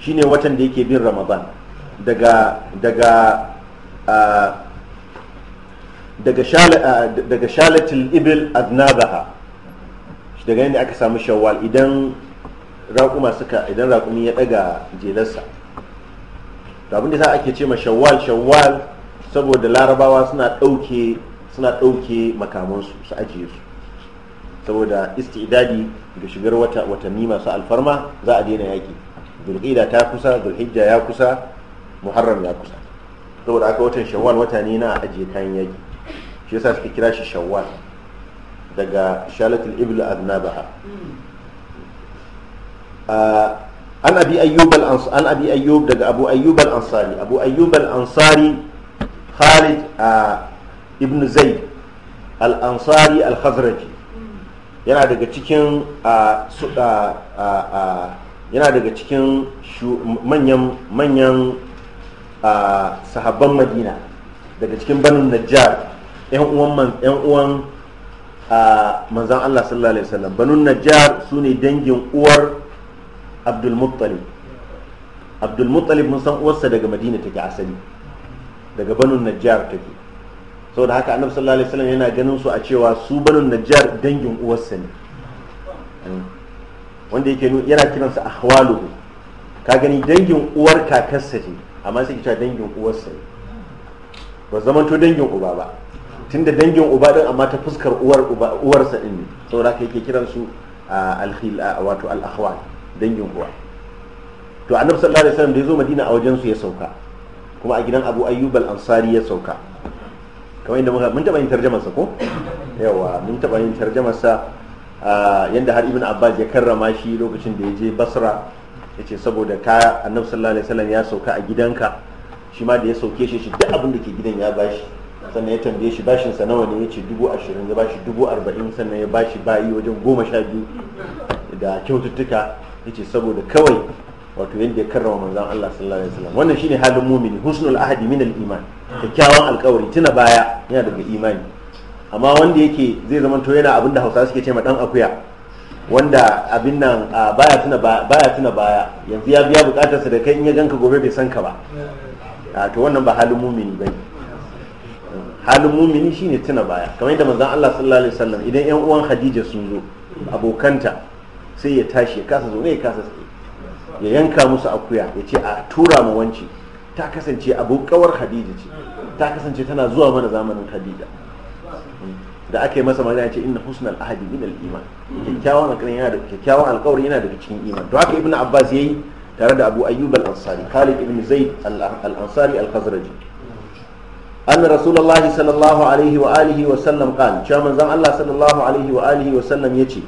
shine watan da yake bin ramadan daga daga daga shalatul ibil aznabaha daga yadda aka samu shawwal idan raƙuma suka idan raƙumi ya ɗaga jelarsa abin da za ake ce ma shawwal shawwal saboda larabawa suna ɗauke suna ɗauke makamansu su ajiye su saboda istidadi ga shigar watanni masu alfarma za a daina yaƙi dulhida ta kusa dulhijja ya kusa muharram ya kusa saboda aka watan shawwal wata ne na ajiye kayan yaki shi yasa suka kira shi shawwal daga shalatul ibl aznabaha an abi ayyub al an abi ayyub daga abu ayyub al ansari abu ayyub al ansari khalid ibn zaid al ansari al khazraji yana daga cikin yana daga cikin manyan manyan sahabban madina daga cikin banin najjar yan uwan yan uwan manzan Allah sallallahu alaihi wasallam banun najjar su ne dangin uwar abdul muttalib abdul muttalib mun san uwarsa daga madina take asali daga banun najjar take saboda haka annabi sallallahu alaihi wasallam yana ganin su a cewa su banun najjar dangin uwarsa ne wanda yake yana kiransa ahwaluhu ka gani dangin uwar kakarsa ce amma sai cewa dangin uwarsa ne ba zaman to dangin uba ba tunda dangin uba din amma ta fuskar uwar uwarsa din ne saboda ka yake kiransu alkhil wato al-ahwal dangin uwa to annabi sallallahu alaihi wasallam da ya zo madina a wajen su ya sauka kuma a gidan abu ayyub al-ansari ya sauka kamar inda muka mun taba yin tarjamar sa ko yawa mun taba yin tarjamar sa yadda har ibn abbas ya karrama shi lokacin da ya je basra ya ce saboda ka annabi sallallahu alaihi wasallam ya sauka a gidanka shi ma da ya sauke shi shi duk abin da ke gidan ya bashi sannan ya tambaye shi bashin sa nawa ne ya ce dubu ashirin ya bashi dubu arba'in sannan ya bashi bayi wajen goma sha biyu da kyaututtuka ya ce saboda kawai wato yadda ya karrama manzan Allah sallallahu alaihi wasallam wannan shine halin mumini husnul ahadi min al iman kyakkyawan alkawari tuna baya yana daga imani amma wanda yake zai zama to yana abinda hausa suke ce ma dan akuya wanda abin nan baya tuna baya tuna baya yanzu ya biya bukatar sa da kai in ya ganka gobe bai san ka ba to wannan ba halin mumini bane halin mumini shine tuna baya kamar yadda manzon Allah sallallahu alaihi wasallam idan yan uwan Khadija sun zo abokanta sai ya tashi ya kasa zo ne ya kasa sai ya yanka musu akuya ya ce a tura ma wanci ta kasance abokawar Khadija ce ta kasance tana zuwa mana zamanin Khadija da aka yi masa magana ya ce inna husnal ahadi min iman kyakkyawan alƙawari yana da kyakkyawan alƙawari yana daga cikin iman to haka ibnu abbas yayi tare da abu ayyub al-ansari khalid ibn zaid al-ansari al-khazraji أن رسول الله صلى الله عليه وآله وسلم قال شامن زم الله صلى الله عليه وآله وسلم يتي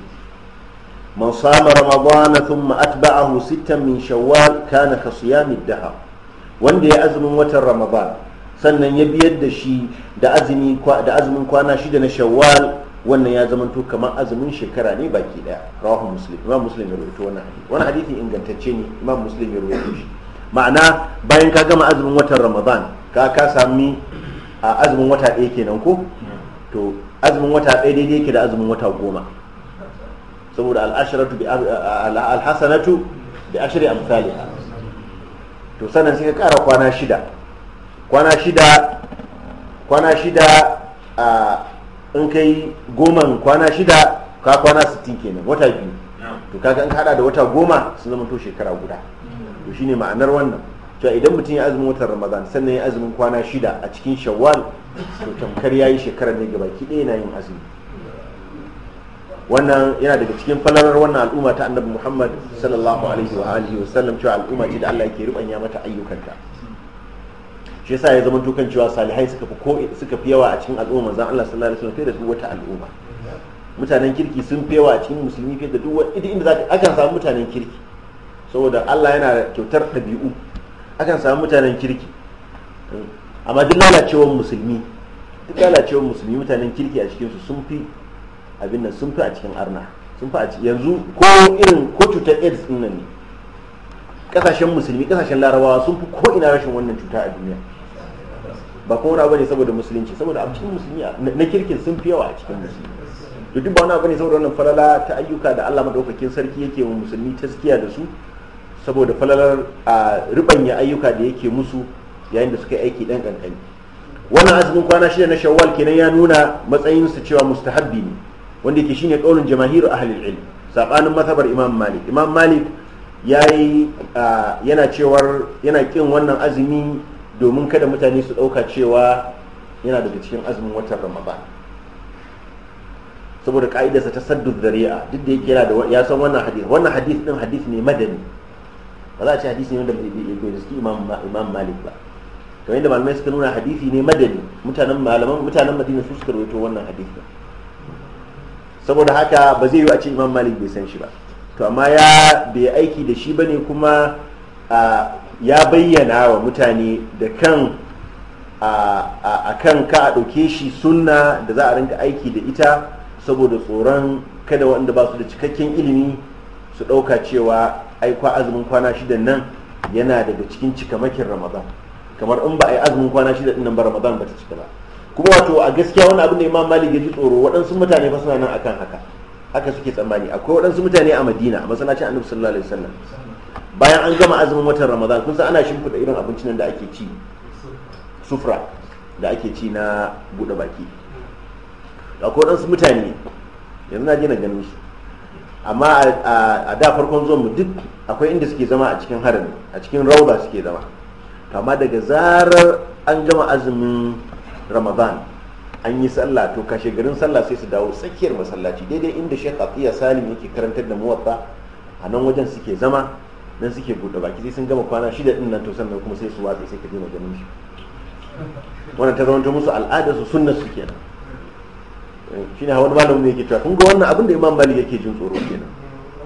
من صام رمضان ثم أتبعه ستا من شوال كان كصيام الدهر وندي أزم وتر رمضان sannan ya biyar da shi da azumin kwana shida na shawwal wannan ya zama to kamar azumin shekara ne baki daya rawahu muslim imam muslim ya rawaito wannan hadisi wannan hadisi ingantacce ne imam muslim ya rubuta shi ma'ana bayan ka gama azumin watan ramadan ka ka sami azumin wata ɗaya kenan ko to azumin wata ɗaya daidai yake da azumin wata goma saboda al'asharatu bi alhasanatu bi ashri amsalha to sannan sai ka kara kwana shida kwana shida kwana shida a in kai goman kwana shida ka kwana sittin kenan wata biyu to kaga in hada da wata goma sun zama to shekara guda to shine ma'anar wannan cewa idan mutum ya azumin watan ramadan sannan ya azumin kwana shida a cikin shawwal to tamkar ya yi shekarar ne gaba ɗaya na yin azumi wannan yana daga cikin falalar wannan al'umma ta annabi muhammad sallallahu alaihi wa alihi wa sallam cewa al'umma ce da allah ke rubanya mata ayyukanta shi yasa ya zama dukan cewa salihai suka fi ko suka fi yawa a cikin al'umma manzon Allah sallallahu alaihi wasallam da duk wata al'umma mutanen kirki sun fi yawa a cikin musulmi fiye da duk wani inda zaka akan samu mutanen kirki saboda Allah yana kyautar tabi'u akan samu mutanen kirki amma duk lalacewar musulmi duk lalacewar musulmi mutanen kirki a su sun fi abin nan sun fi a cikin arna sun fi a cikin yanzu ko irin ko cutar aids din nan ne kasashen musulmi kasashen larabawa sun fi ko ina rashin wannan cuta a duniya ba kuma wani abu ne saboda musulunci saboda abincin musulmi na kirkin sun fi yawa a cikin musulmi to duk ba wani abu ne saboda wannan falala ta ayyuka da Allah madaukakin sarki yake wa musulmi taskiya da su saboda falalar a ribanya ayyuka da yake musu yayin da suka yi aiki dan kankani wannan azumin kwana shida na shawwal kenan ya nuna matsayin su cewa mustahabbi ne wanda yake shine kaulin jamaahir ahlul ilm sabanin mazhabar imam malik imam malik yayi yana cewar yana kin wannan azumi domin kada mutane su ɗauka cewa yana daga cikin azumin watan ramadan saboda ka'idarsa ta saddu zari'a duk da yake yana da ya san wannan hadith wannan hadith din hadith ne madani ba za a ce hadisi ne wanda bai suke imam malik ba kamar yadda malamai suka nuna hadisi ne madani mutanen malaman mutanen madina su suka rawaito wannan hadisi saboda haka ba zai yi a ce imam malik bai san shi ba to amma ya bai aiki da shi bane kuma ya bayyana wa mutane da kan a kan ka a ɗauke shi sunna da za a rinka aiki da ita saboda tsoron kada wanda ba su da cikakken ilimi su ɗauka cewa aikwa azumin kwana shida nan yana daga cikin cikamakin ramadan kamar in ba a yi azumin kwana shida ɗin nan ba ramadan ba ta cika ba kuma wato a gaskiya wani abin da imam malik ya ji tsoro waɗansu mutane fa suna nan akan haka haka suke tsammani akwai waɗansu mutane a madina a masallacin annabi sallallahu alaihi wasallam bayan an gama azumin watan ramadan kun san ana shimfiɗa irin abincin da ake ci sufra da ake ci na buɗe baki akwai waɗansu mutane yanzu na je na ganin su amma a da farkon zuwan mu duk akwai inda suke zama a cikin harin a cikin rauda suke zama kama daga zarar an gama azumin ramadan an yi sallah to kashe garin sallah sai su dawo tsakiyar masallaci daidai inda shekh atiya salim yake karantar da muwatta a nan wajen suke zama nan suke buɗe baki sai sun gama kwana shida din nan to sannan kuma sai su watsa sai ka daina ganin su wannan ta zama musu al'ada su sunna su kenan eh, ne hawan malamu ne yake cewa kun ga wannan abin da imam malik yake jin tsoro kenan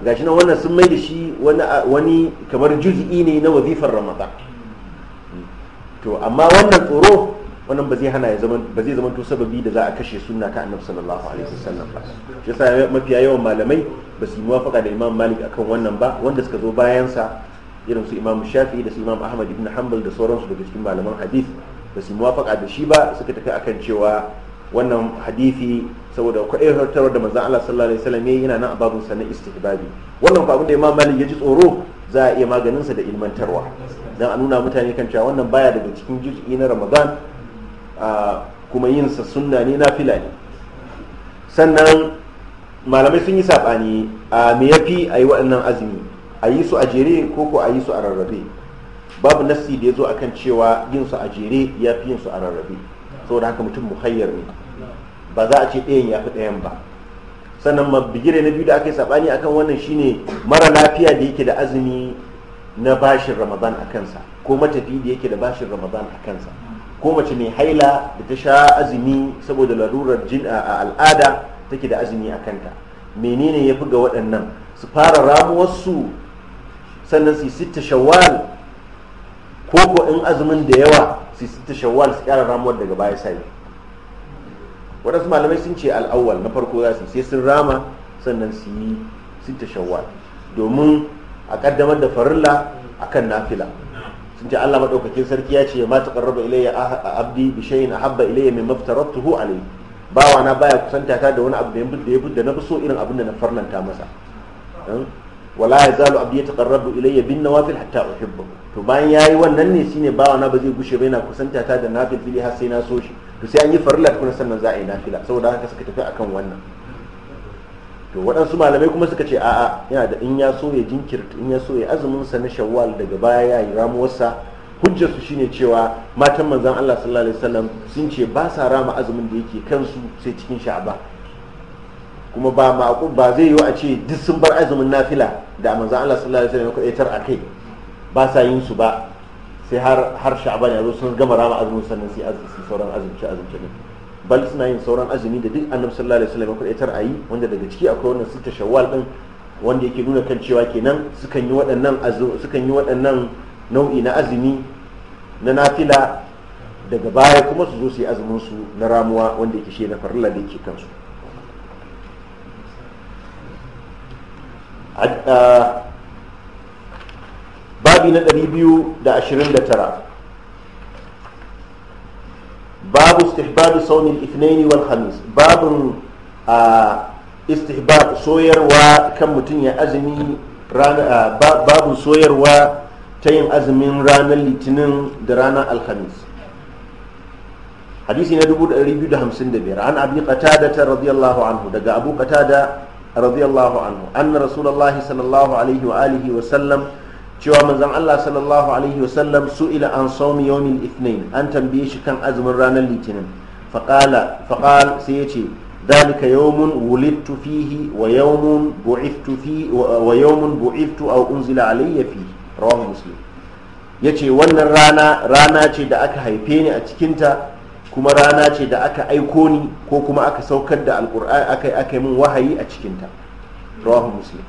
gashi nan wannan sun mai da shi wani kamar juz'i ne na wazifar ramadan hmm. to amma wannan tsoro wannan ba zai hana ya zama ba zai zama to sababi da za a kashe sunna ta annabi sallallahu alaihi wasallam ba shi yasa mafiya yawan malamai ba su yi muwafaqa da imam malik akan wannan ba wanda suka zo bayan sa irin su imam shafi'i da su imam ahmad ibn hanbal da sauransu daga cikin malaman hadith ba su yi muwafaqa da shi ba suka tafi akan cewa wannan hadithi saboda kwaɗe hartarwar da manzan Allah sallallahu alaihi wasallam yayi yana nan a babun sa na istihbabi wannan fa da Imam Malik ya ji tsoro za a iya maganin sa da ilmantarwa dan a nuna mutane kan cewa wannan baya daga cikin juz'i na Ramadan kuma yin sa sunna ne fila ne sannan malamai sun yi saɓani a me yafi a yi waɗannan azumi a yi su a jere ko ko a yi su a rarrabe babu nassi da ya zo akan cewa yin su a jere ya fi yin su a rarrabe saboda haka mutum muhayyar ne ba za a ce ɗayan ya fi ɗayan ba sannan mabigire na biyu da aka yi saɓani akan wannan shine mara lafiya da yake da azumi na bashin ramadan a kansa ko matafi da yake da bashin ramadan a kansa ko mace mai haila da ta sha azumi saboda larurar jina a al'ada take da azumi a kanta menene ya fi ga waɗannan su fara ramuwarsu sannan su sita shawal ko ko in azumin da yawa su sita shawal su ƙara ramuwar daga baya sai waɗansu malamai sun ce al'awwal na farko za su sai sun rama sannan su yi sita shawal domin a ƙaddamar da farilla akan nafila inda ce Allah madaukakin sarki ya ce ma taqarraba ilayya abdi bi shay'in ahabba ilayya mimma aftaratuhu alayhi bawa na baya kusanta ta da wani abu da ya budda na so irin abin da na farlanta masa wala ya zalu abdi ya taqarrabu ilayya bin nawafil hatta uhibbu to bayan yayi wannan ne shine bawa na ba zai gushe ba yana kusanta ta da nafil har sai na so shi to sai an yi farilla tukuna sannan za a yi nafila saboda haka suka tafi akan wannan to waɗansu malamai kuma suka ce a'a yana da in ya so ya jinkirta in ya so ya azumin sa na shawwal daga baya ya yi ramuwarsa hujjar su shine cewa matan manzon Allah sallallahu alaihi wasallam sun ce ba sa rama azumin da yake kansu sai cikin sha'aba kuma ba ma'qul ba zai yiwu a ce duk sun bar azumin nafila da manzon Allah sallallahu alaihi wasallam ya kwaitar akai ba sa yin su ba sai har har sha'ban ya zo sun gama rama azumin sannan sai sauran azumci azumci ne bal suna yin sauran azumi da duk annabi sallallahu alaihi wasallam ya kudaitar ayi wanda daga ciki akwai wannan sita shawwal din wanda yake nuna kan cewa kenan sukan yi waɗannan sukan yi waɗannan nau'i na azumi na nafila daga baya kuma su zo su yi azumin su na ramuwa wanda yake shi na farilla da yake kansu babi na 229 babu istihbab saunin ithnain wal khamis babun istihbab soyarwa kan mutum ya azumi babun soyarwa ta yin azumin ranar litinin da ranar alhamis hadisi na 255 an abi qatada radiyallahu anhu daga abu qatada radiyallahu anhu anna rasulullahi sallallahu alaihi wa alihi wa sallam cewa manzon Allah sallallahu alaihi wasallam su'ila an sawmi yawmil ithnain an tambaye shi kan azumin ranar litinin faqala faqal sai yace dalika yawmun wulidtu fihi wa yawmun bu'ithtu fi wa yawmun bu'ithtu aw unzila alayya fi rawahu muslim yace wannan rana rana ce da aka haife ni a cikinta kuma rana ce da aka aiko ni ko kuma aka saukar da alqur'ani aka aka min wahayi a cikinta rawahu muslim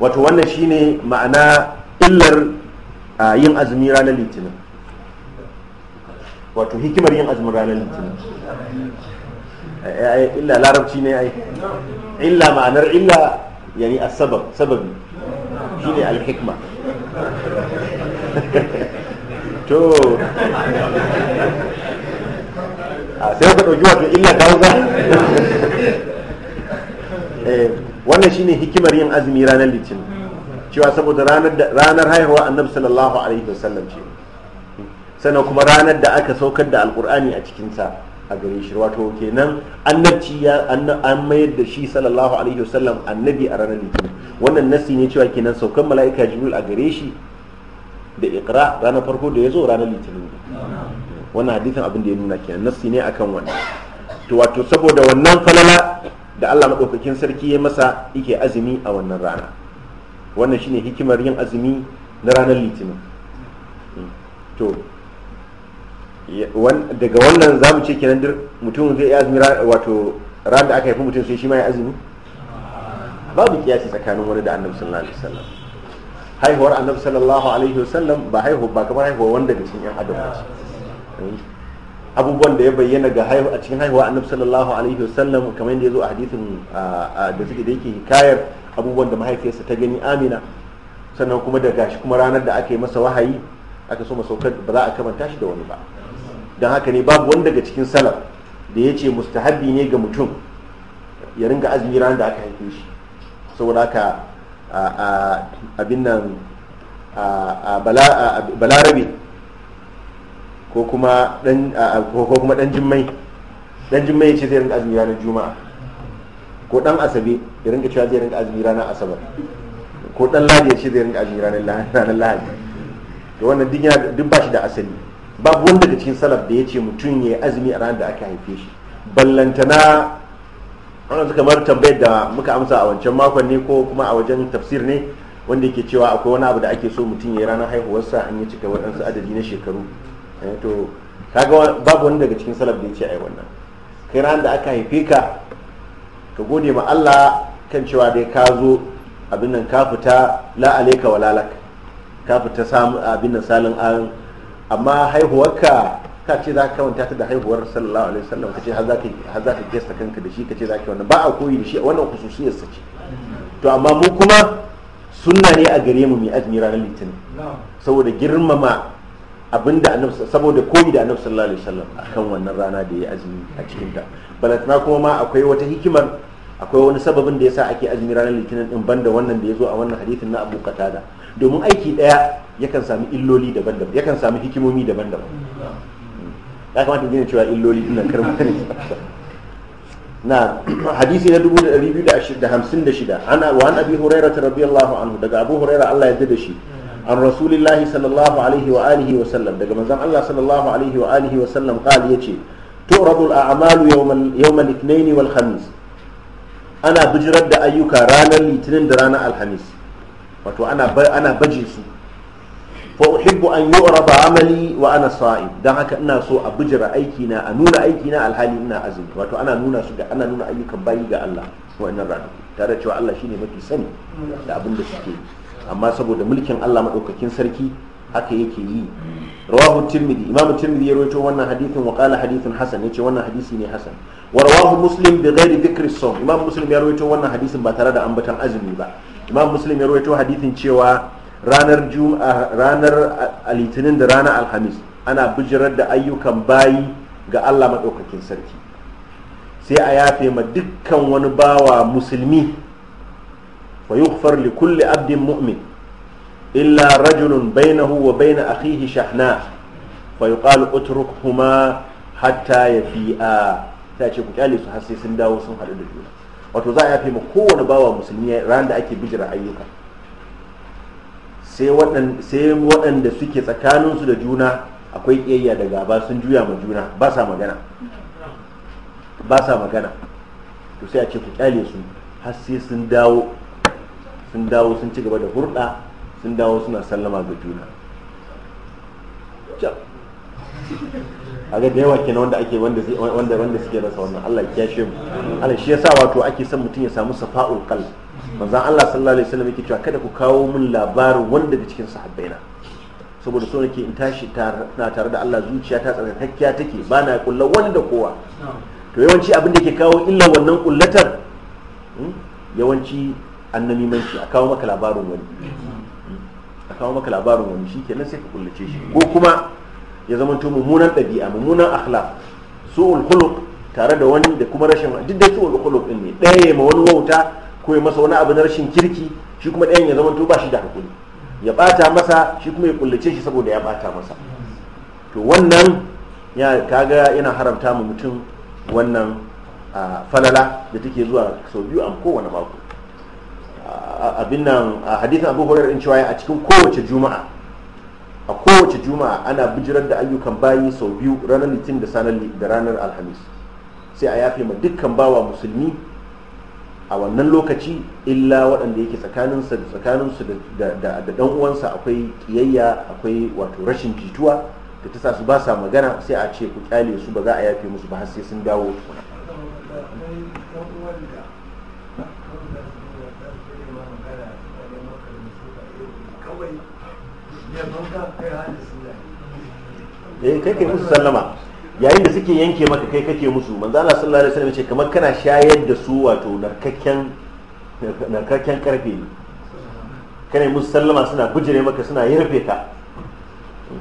wato wannan shine ma'ana illar yin azumi ranar litinin wato hikimar yin azumin ranar litinin illa larabci ne ai illa ma'anar illa yani asbab sababi shine alhikma to a sai ka ɗauki wato illa kauza eh wannan shine hikimar yin azumi ranar litinin cewa saboda ranar haihuwa annabi sallallahu alaihi wasallam ce sannan kuma ranar da aka saukar da alkur'ani a cikinsa a gare shi wato kenan annabci ya an mayar da shi sallallahu alaihi wasallam annabi a ranar litinin wannan nasi ne cewa kenan saukan mala'ika jibril a gare shi da ikra ranar farko da ya zo ranar litinin wannan hadisin abin da ya nuna kenan nasi ne akan wannan to wato saboda wannan falala da Allah maɗaukakin sarki ya masa yake azumi a wannan rana wannan shine hikimar yin azumi na ranar litinin to daga wannan za mu ce kenan dir mutum zai yi azumi wato ran da aka haifi mutum sai shi ma ya azumi babu kiyasi tsakanin wani da annabi sallallahu alaihi wasallam haihuwar annabi sallallahu alaihi wasallam ba haihu ba kamar haihuwar wanda daga cikin yan adam ba eh? abubuwan da ya bayyana ga a cikin haihuwa annabi sallallahu alaihi wasallam kamar yadda ya zo a hadisin da suke da yake hikayar abubuwan da mahaifiyarsa ta gani amina sannan kuma da gashi kuma ranar da aka yi masa wahayi aka so masaukar ba za a kamanta shi da wani ba don haka ne babu wani daga cikin salaf da ya ce mustahabi ne ga mutum ya ringa azumi ranar da aka haife shi saboda haka abin nan balarabe ko kuma dan ko kuma dan jimmai dan jimmai ce zai rinka azumi ranar juma'a ko dan asabe ya rinka cewa zai rinka azumi ranar asabar ko dan ladi ya ce zai rinka azumi ranar lahadi to wannan duk yana duk ba shi da asali babu wanda daga cikin salaf da ya ce mutum ya azumi a ranar da aka haife shi ballantana wannan su kamar tambayar da muka amsa a wancan makon ne ko kuma a wajen tafsir ne wanda yake cewa akwai wani abu da ake so mutum ya yi ranar haihuwarsa an yi cika waɗansu adadi na shekaru Eh, to kaga babu wani daga cikin salaf da ya ce ai wannan kai ran da aka haife ka ka gode ma Allah kan cewa dai ka zo abin nan ka fita la alayka wa lalak ka fita samu abin nan salin an amma haihuwarka ka ce za ka kawanta ta da haihuwar sallallahu alaihi wasallam ka ce har za ka har za ka kanka da shi ka ce za ka wannan ba a koyi da shi wannan khususiyar sa ce to amma mu kuma sunna ne a gare mu mai azumi ranar litinin saboda girmama abinda annabi saboda koyi da annabi sallallahu alaihi wasallam akan wannan rana da ya azumi a cikin ta balatna kuma ma akwai wata hikimar akwai wani sababin da yasa ake azumi ranar litinin din banda wannan da yazo a wannan hadithin na Abu Qatada domin aiki daya yakan sami illoli daban-daban yakan sami hikimomi daban-daban ya kamata gina cewa illoli dinnan na ne na hadisi na 2256 ana wa an abi hurairah radiyallahu anhu daga abu hurairah Allah ya yarda da shi an rasulillahi sallallahu alaihi wa wa sallam daga manzon Allah sallallahu alaihi wa alihi wa sallam qali yace tu'radu al-a'malu yawm al-ithnain wal ana bijirar da ayyuka ranar litinin da ranar alhamis wato ana ana baje su fa uhibbu an yu'rada amali wa ana sa'im dan haka ina so a bijira aiki a nuna aiki alhali ina azumi wato ana nuna su ana nuna ayyukan bayi ga Allah wannan ranaku tare da cewa Allah ne mafi sani da abin suke yi amma saboda mulkin Allah madaukakin sarki haka yake yi rawahu tirmidhi imam tirmidhi ya rawaito wannan hadithin wa qala hadithun hasan yace wannan hadisi ne hasan wa rawahu muslim bi ghairi dhikri sawm imam muslim ya rawaito wannan hadisin ba tare da ambatan azumi ba imam muslim ya rawaito hadithin cewa ranar juma'a ranar litinin da ranar alhamis ana bijirar da ayyukan bayi ga Allah madaukakin sarki sai a yafe ma dukkan wani bawa musulmi wa yughfar li kulli abdin mu'min illa rajulun bainahu wa bain akhihi shahna fa yuqalu kuma hatta yafi'a sai ce ku kyale su har sun dawo sun haɗu da juna wato za a yafe ma kowane bawa musulmi ran da ake bijira ayyuka sai waɗanda suke tsakaninsu da juna akwai ƙiyayya da gaba sun juya ma juna ba sa magana ba sa magana to sai a ce ku kyale su har sun dawo sun dawo sun ci gaba da hurɗa sun dawo suna sallama ga juna a ga da yawa kenan wanda ake wanda wanda suke rasa wannan Allah ya shi mu Allah shi yasa wato ake son mutum ya samu safa'ul qalb manzon Allah sallallahu alaihi wasallam yake cewa kada ku kawo mun labarin wanda da cikin sahabbaina saboda so nake in tashi na tare da Allah zuciya ta hakkiya take ba na kullar wani da kowa to yawanci abin da ke kawo illa wannan kullatar hmm, yawanci annami shi a kawo maka labarin wani a kawo maka labarin wani shi kenan sai ka kullace shi ko kuma ya zama to mummunan ɗabi'a mummunan akhlaq su'ul khuluq tare da wani da kuma rashin duk da su'ul khuluq din ne ɗaya ya ma wani wauta ko ya masa wani abu na rashin kirki shi kuma ɗayan ya zama to ba shi da hakuri ya bata masa shi kuma ya kullace shi saboda ya bata masa to wannan ya kaga yana haramta mu mutum wannan falala da take zuwa sau biyu a kowane mako abin nan hadisin abu hurairah in cewa a cikin kowace juma'a a kowace juma'a ana bijirar da ayyukan bayi sau biyu ranar litin da da ranar alhamis sai a yafe ma dukkan bawa musulmi a wannan lokaci illa waɗanda yake tsakaninsa da tsakaninsu da ɗan uwansa akwai ƙiyayya akwai wato rashin jituwa da ta sa su ba sa magana sai a ce ku kyale su ba za a yafe musu ba har sai sun dawo tukuna eh kai kai musu sallama yayin da suke yanke maka kai kake musu manzo Allah sallallahu alaihi wasallam ce kamar kana shayar da su wato narkakken narkakken karfe ne kana musu sallama suna bujire maka suna yarfe ka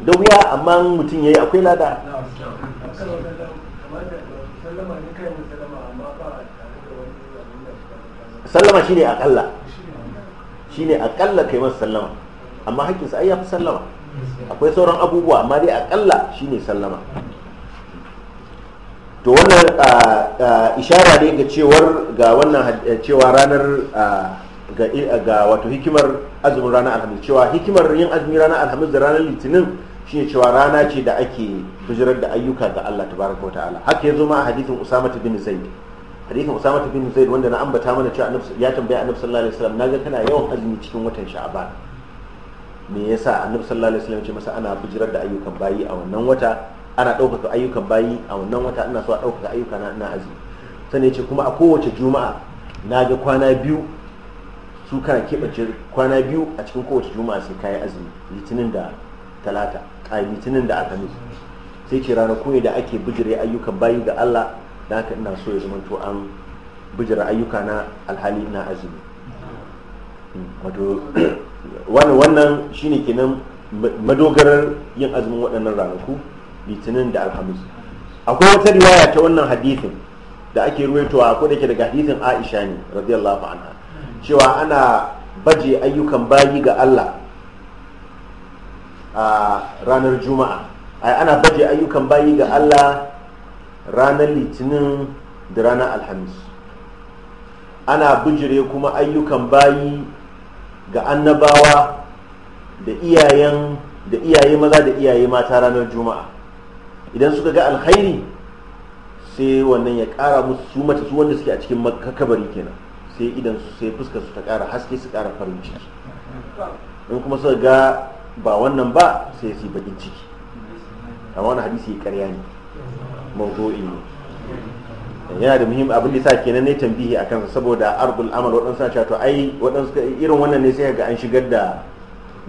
da wuya amma mutum yayi akwai lada sallama shine akalla shine akalla kai masa sallama amma haƙƙinsa ai ya fi sallama akwai sauran abubuwa amma dai akalla shine sallama to wannan ishara ne ga cewar ga wannan eh, cewa ranar ga wato hikimar azumin ranar alhamis cewa hikimar yin azumin ranar alhamis da ranar litinin shine cewa rana ce da ake bijirar da ayyuka ga Allah baraka wa ta'ala haka ya zo ma a hadithin Usama bin Zaid hadithin Usama bin Zaid wanda na ambata mana cewa ya tambaya Annabi sallallahu alaihi wasallam naga kana yawan azumi cikin watan Sha'aban me yasa annabi sallallahu alaihi wasallam ce masa ana bijirar da ayyukan bayi a wannan wata ana ɗaukaka ayyukan bayi a wannan wata ina so a ɗaukaka ayyuka na ina azumi sannan ya ce kuma a kowace juma'a na ga kwana biyu su kana keɓance kwana biyu a cikin kowace juma'a sai kayi azumi litinin da talata a litinin da alhamis sai ce ranaku ne da ake bijire ayyukan bayi ga allah da haka ina so ya zamanto an bijira ayyuka na alhali na azumi wato wannan shine kenan madogarar yin azumin waɗannan ranaku litinin da alhamis akwai wata riwaya ta wannan hadithin da ake ruwaitowa ko da ke daga hadithin aisha ne radiyallahu anha cewa ana baje ayyukan bayi ga allah a ranar juma'a ai ana baje ayyukan bayi ga allah ranar litinin da ranar alhamis ana bijire kuma ayyukan bayi ga annabawa da iyayen da iyaye maza da iyaye mata ranar juma'a idan suka ga alkhairi sai wannan ya kara musu su mata su wanda suke a cikin kabari kenan sai idan su sai fuska su ta kara haske su kara farin ciki in kuma suka ga ba wannan ba sai su yi bakin ciki amma wani hadisi ya karya ne mawdu'i ne yana da muhimmi abin da sa kenan ne tambihi a kansa saboda ardul amal waɗansu na to ai waɗansu irin wannan ne sai ga an shigar da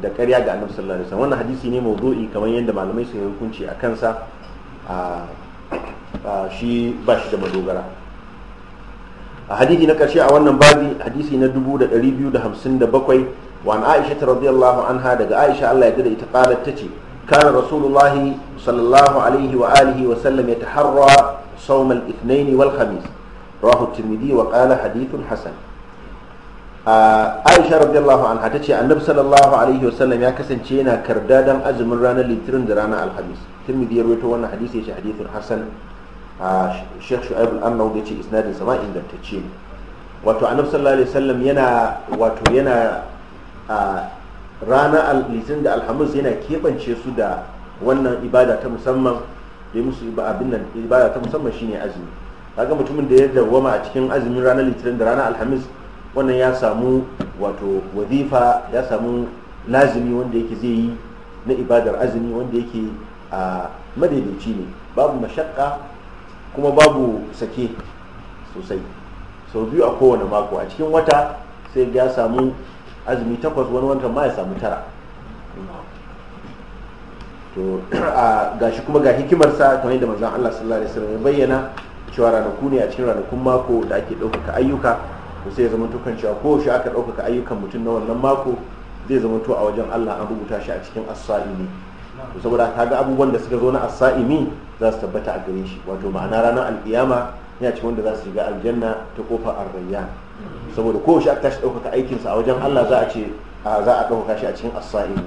da ƙarya ga annabi sallallahu alaihi wasallam wannan hadisi ne mawdu'i kamar yadda malamai su hukunci a kansa a shi ba shi da madogara a hadisi na ƙarshe a wannan babi hadisi na 2257 wa an Aisha radiyallahu anha daga Aisha Allah ya da ita qalat tace kana rasulullahi sallallahu alaihi wa alihi wa sallam yataharra صوم الاثنين والخميس رواه الترمذي وقال حديث حسن aisha radiyallahu anha ta ce annabi sallallahu alaihi wasallam ya kasance yana karda dan azumin ranar litinin da ranar alhamis tirmidhi ya rawaito wannan hadisi ya ce hadithun hasan sheikh shu'aib al-annaw ya ce wato annabi sallallahu alaihi wasallam yana wato yana ranar litinin da alhamis yana keɓance su da wannan ibada ta musamman da ya musu abin nan ibada ta musamman shine azumi kaga mutumin da ya dawwama a cikin azumin ranar litinin da ranar alhamis wannan ya samu wato wazifa ya samu lazimi wanda yake zai yi na ibadar azumi wanda yake a madaidaici ne babu mashakka kuma babu sake sosai sau biyu a kowane mako a cikin wata sai ya samu azumi takwas wani wata ma ya samu tara to a gashi kuma ga hikimarsa kamar yadda manzon Allah sallallahu alaihi wasallam ya bayyana cewa ranaku ne a cikin ranakun mako da ake ɗaukaka ayyuka to sai ya zama to kan cewa shi aka ɗaukaka ayyukan mutum na wannan mako zai zama to a wajen Allah an rubuta shi a cikin as-sa'imi to saboda ga abubuwan da suka zo na as-sa'imi za su tabbata a gare shi wato ma'ana ranar alkiyama yana cikin wanda za su shiga aljanna ta kofa ar-rayyan saboda kowace aka tashi ɗaukaka aikinsa a wajen Allah za a ce za a ɗaukaka shi a cikin as-sa'imi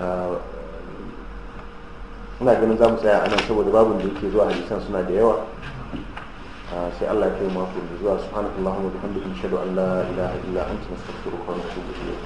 Ah, ina ganin za mu tsaya anan saboda babin da yake zuwa hadisan suna da yawa ah, sai Allah ya kai mako da zuwa subhanahu wa ta'ala bihamdihi ashhadu an la ilaha illa anta astaghfiruka wa atubu ilayk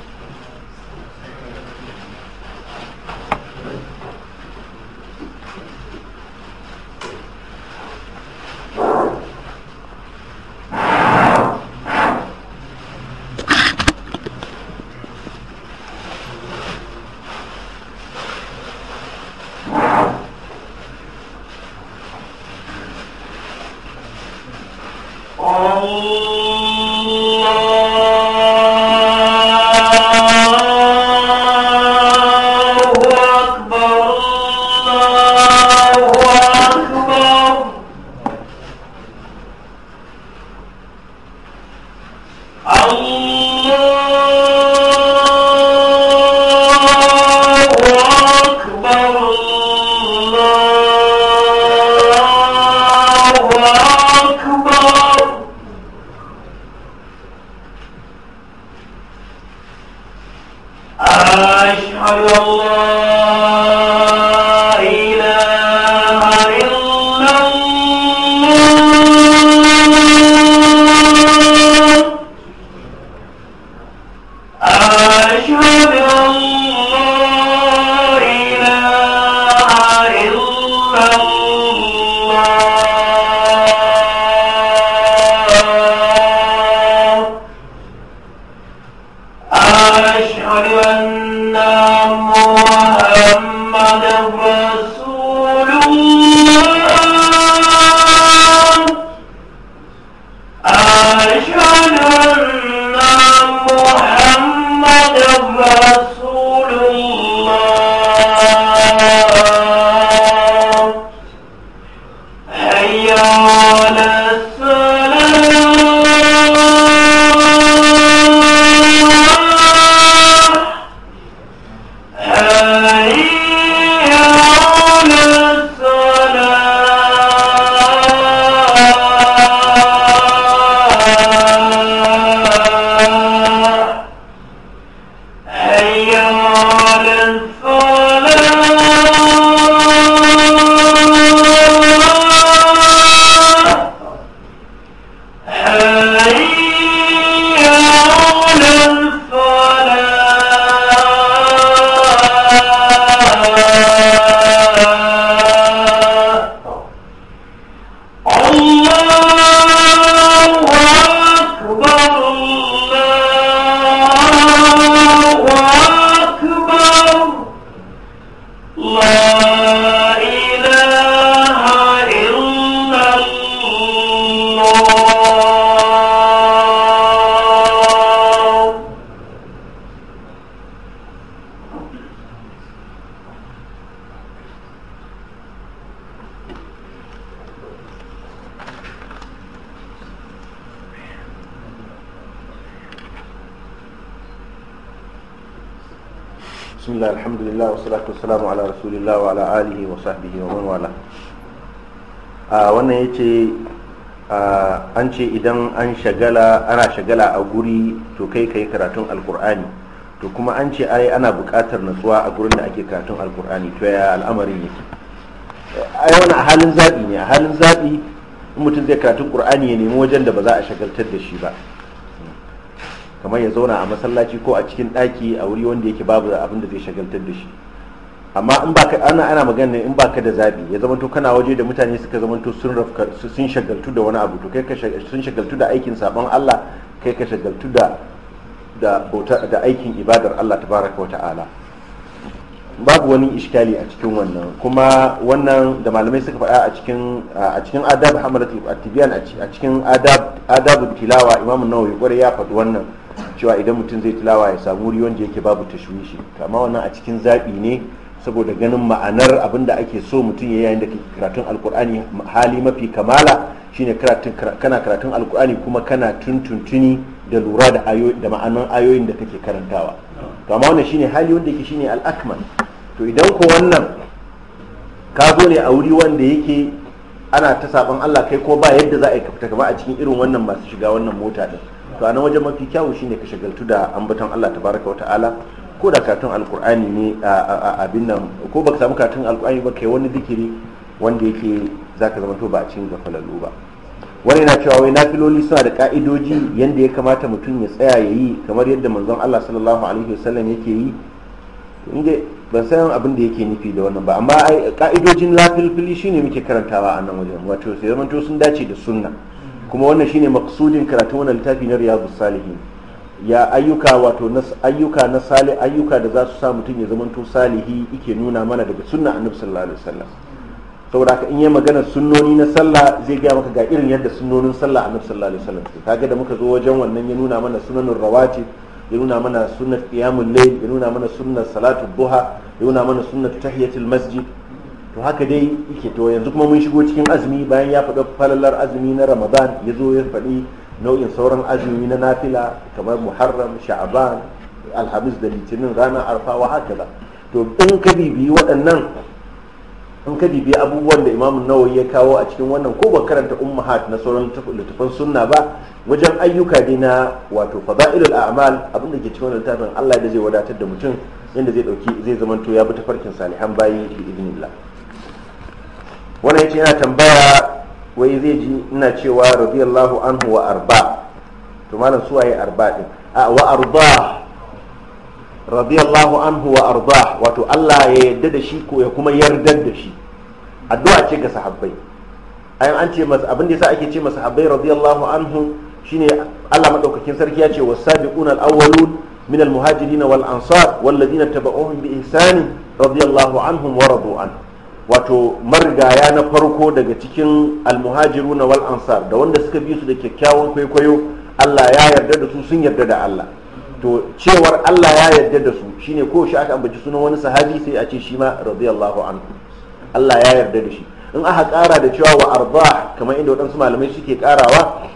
rasulillah wa ala alihi wa sahbihi wa ومن a wannan ya ce an ce idan an shagala ana shagala a guri to kai ka yi karatun alkur'ani to kuma an ce ai ana buƙatar natsuwa a gurin da ake karatun alkur'ani to ya al'amarin yake ai wani a halin zaɓi ne a halin zaɓi in mutum zai karatun ƙur'ani ya nemi wajen da ba za a shagaltar da shi ba kamar ya zauna a masallaci ko a cikin ɗaki a wuri wanda yake babu abin da zai shagaltar da shi amma in baka ana ana magana ne in baka da zabi ya zamanto kana waje da mutane suka zamanto sun rafka sun shagaltu da wani abu to kai ka sun shagaltu da aikin sabon Allah kai ka shagaltu da da bauta da aikin ibadar Allah tabaraka wata'ala babu wani iskali a cikin wannan kuma wannan da malamai suka faɗa a cikin a cikin adab hamalat at-tibyan a cikin adab adab tilawa imamu nawawi kware ya faɗi wannan cewa idan mutum zai tilawa ya samu riyon da yake babu tashwishi amma wannan a cikin zabi ne saboda ganin ma'anar abin da ake so mutum ya yayin da karatun alkur'ani hali mafi kamala shine kana karatun alkur'ani kuma kana tuntuntuni da lura da da ma'anar ayoyin da take karantawa to amma wannan shine hali wanda yake shine al-akmal to idan ko wannan ka zo ne a wuri wanda yake ana ta saban Allah kai ko ba yadda za a yi ka fita a cikin irin wannan masu shiga wannan mota din to a nan wajen mafi kyawu shine ka shagaltu da ambaton Allah tabaraka wa ta'ala ko da karatun alkur'ani ne a abin nan ko baka samu karatun alkur'ani ba kai wani zikiri wanda yake zaka zama to ba a cin gafalalu ba wani na cewa wai nafiloli suna da ka'idoji yadda ya kamata mutum ya tsaya ya yi kamar yadda manzon Allah sallallahu alaihi wasallam yake yi inda ban san abin da yake nufi da wannan ba amma ka'idojin lafilfili shine muke karantawa a nan wajen wato sai zamanto sun dace da sunna kuma wannan shine maksudin karatu wannan littafi na riyadus salihin ya ayyuka wato ayyuka na sali ayyuka da za su sa mutum ya zama zamanto salihi yake nuna mana daga sunna annabi sallallahu alaihi wasallam saboda haka in yi magana sunnoni na sallah zai gaya maka ga irin yadda sunnonin sallah annabi sallallahu alaihi wasallam sai kaga da muka zo wajen wannan ya nuna mana sunanun rawati ya nuna mana sunnat qiyamul layl ya nuna mana sunnat salatul duha ya nuna mana sunnat tahiyatul masjid to haka dai yake to yanzu kuma mun shigo cikin azumi bayan ya faɗa falalar azumi na ramadan ya zo ya faɗi nau'in sauran azumi na nafila kamar muharram sha'ban alhamis da litinin ranar arfawa haka ba to in ka bibiyi waɗannan in ka bibiyi abubuwan da imamun nawawi ya kawo a cikin wannan ko ba karanta ummahat na sauran littattafan sunna ba wajen ayyuka ne na wato fada'ilul a'mal abin da ke cikin wannan littafin Allah da zai wadatar da mutum yadda zai dauki zai zamanto ya bi ta farkin salihan bayi bi idnillah wannan yace yana tambaya wai zai ji ina cewa radiyallahu anhu wa arba to malam su waye arba din a wa arba radiyallahu anhu wa arba wato Allah ya yarda da shi ko ya kuma yardar da shi addu'a ce ga sahabbai ayan an ce masa abin da yasa ake ce masa sahabbai radiyallahu anhu shine Allah madaukakin sarki ya ce was-sabiquna al-awwalun min al wal-ansar wal-ladina tabauhum bi ihsan radiyallahu anhum wa radu anhu wato marigaya na farko daga cikin almuhajiru na wal ansar da wanda suka bi su da kyakkyawan kwaikwayo allah ya yarda da su sun yarda da allah to cewar allah ya yarda da su shine ko shi aka ambaci sunan wani sahabi sai a ce shi ma radiyallahu anhu allah ya yarda da shi in aka kara da cewa wa arba kamar inda waɗansu malamai suke karawa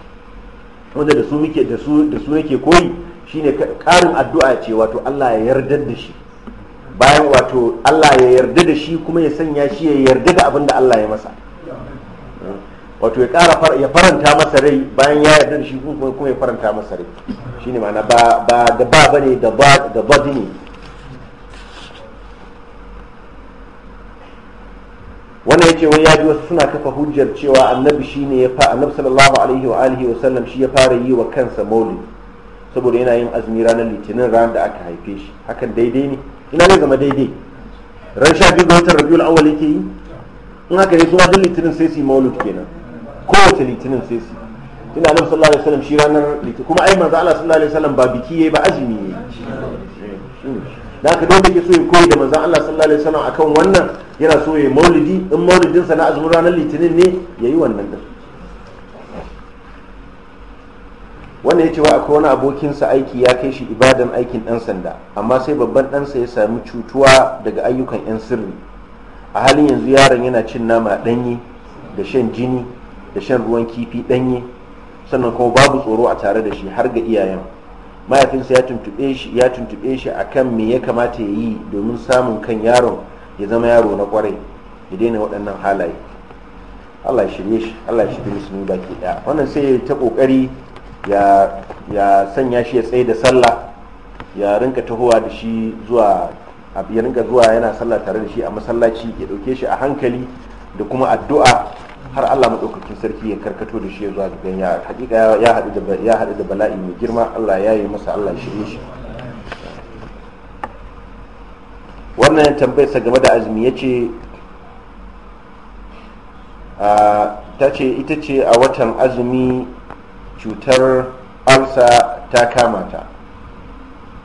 wanda da su muke da yake koyi shine karin addu'a ce wato allah ya yarda da shi bayan wato Allah ya yarda da shi kuma ya sanya shi ya yarda da abin da Allah ya masa wato ya ƙara ya faranta masa rai bayan ya yarda da shi kuma ya faranta masa rai shine ma'ana ba ba da ba bane da ba da ba ne wannan yace wani ya ji wasu suna kafa hujjar cewa annabi shi ne ya fa annabi sallallahu alaihi wa alihi wa sallam shi ya fara yi wa kansa maulid saboda yana yin azumi ranar litinin ranar da aka haife shi hakan daidai ne ina ne zama daidai ran sha biyu ga watan rabiul yake yi in haka ne zuwa duk litinin sai su yi maulud kenan kowace litinin sai su tunda annabi sallallahu alaihi wasallam shi ranar litinin kuma ai manzo Allah sallallahu alaihi wasallam ba biki yayi ba azumi yayi hmm. da haka dole yake so ya koyi da manzo Allah sallallahu alaihi wasallam akan wannan yana so ya maulidi in sa na azumin ranar litinin ne yayi wannan din wanda ya ce wa akwai wani abokinsa aiki ya kai shi ibadan aikin ɗan sanda amma sai babban ɗansa ya sami cutuwa daga ayyukan 'yan sirri a halin yanzu yaron yana cin nama ɗanye da shan jini da shan ruwan kifi ɗanye sannan kuma babu tsoro a tare da shi har ga iyayen mahaifinsa ya tuntuɓe shi ya tuntuɓe akan me ya kamata ya yi domin samun kan yaron ya zama yaro na kwarai ya daina waɗannan halaye Allah ya shirye shi Allah ya shirye ne baki ɗaya wannan sai ya ta ƙoƙari ya sanya shi ya tsaye da sallah ya rinka tahowa da shi zuwa ya rinka zuwa yana sallah tare da shi a masallaci ya dauke shi a hankali da kuma addu'a har Allah maɗaukakin sarki ya karkato da shi ya zuwa gidan ya hakika ya haɗu da bala'i mai girma Allah ya yi masa Allah shi shi wannan tambayarsa game da azumi ya ce ta ita ce a watan azumi cutar alsa ta kama ta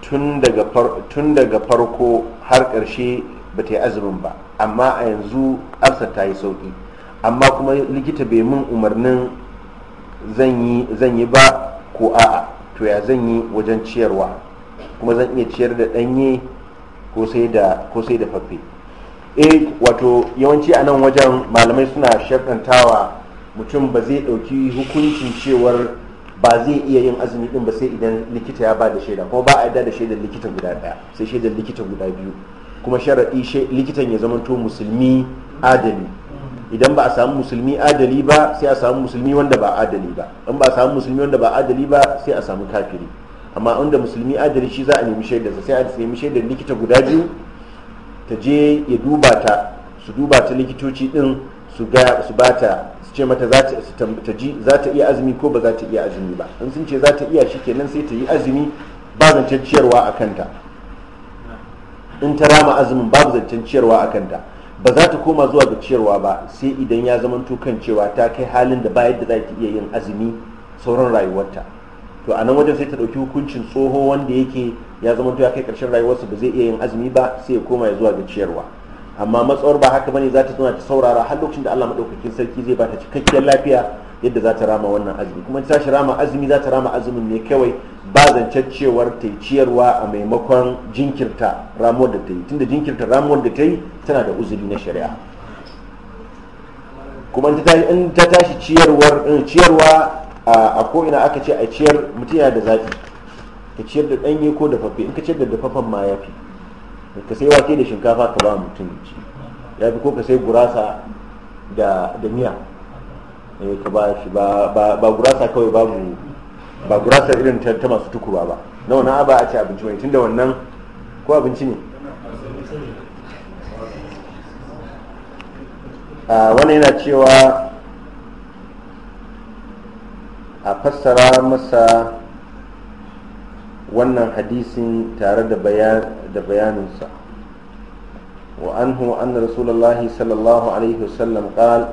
tun daga farko har ƙarshe ba ta yi azumin ba amma a yanzu alsa ta yi sauƙi amma kuma likita bai mun umarnin zan yi ba ko a'a to ya zan yi wajen ciyarwa kuma zan iya ciyar da ɗanye ko sai da faffe E, wato yawanci a nan wajen malamai suna shaɗantawa mutum ba zai ɗauki hukuncin cewar ba zai iya yin azumi din ba sai idan likita ya ba da shaida kuma ba a yarda da shaidar likita guda daya sai shaidar likita guda biyu kuma sharaɗi likitan ya zamanto musulmi adali idan ba a samu musulmi adali ba sai a samu musulmi wanda ba adali ba in ba a samu musulmi wanda ba adali ba sai a samu kafiri amma inda musulmi adali shi za a nemi shaidarsa sai a nemi shaidar likita guda biyu ta je ya duba ta su duba ta likitoci din su ga su bata ce mata za ta iya azumi ko ba za ta iya azumi ba in sun ce za ta iya shi kenan sai ta yi azumi ba zancen ciyarwa a kanta in ta rama azumin babu zancen ciyarwa a kanta ba za ta koma zuwa ga ciyarwa ba sai idan ya zama kan cewa ta kai halin da bayan da za ta iya yin azumi sauran rayuwarta to a nan wajen sai ta ɗauki hukuncin tsoho wanda yake ya zama ya kai ƙarshen rayuwarsa ba zai iya yin azumi ba sai ya koma zuwa ga ciyarwa amma matsawar ba haka bane za ta tana ta saurara har lokacin da Allah madaukakin sarki zai bata cikakkiyar lafiya yadda za ta rama wannan azumi kuma ta shi rama azumi za ta rama azumin ne kawai ba zancen ta ciyarwa a maimakon jinkirta ramuwar da ta yi tunda jinkirta ramuwar da ta yi tana da uzuri na shari'a kuma in ta tashi ciyarwar ciyarwa a ko ina aka ce a ciyar mutum da zafi ka ciyar da ɗanye ko fafe in ka ciyar da dafaffen ma ya fi ka sai wake da shinkafa ka ba mutum ci ya fi ko ka sai gurasa da miya eh, ka ba shi ba gurasa kawai babu ba gurasa irin ta masu tukurwa ba na wani ba a ci abinci mai tun da wannan ko abinci ne ah, wani yana cewa a fassara masa wannan hadisin tare da bayan da bayaninsa wa anhu anna rasulullahi sallallahu alaihi wasallam qal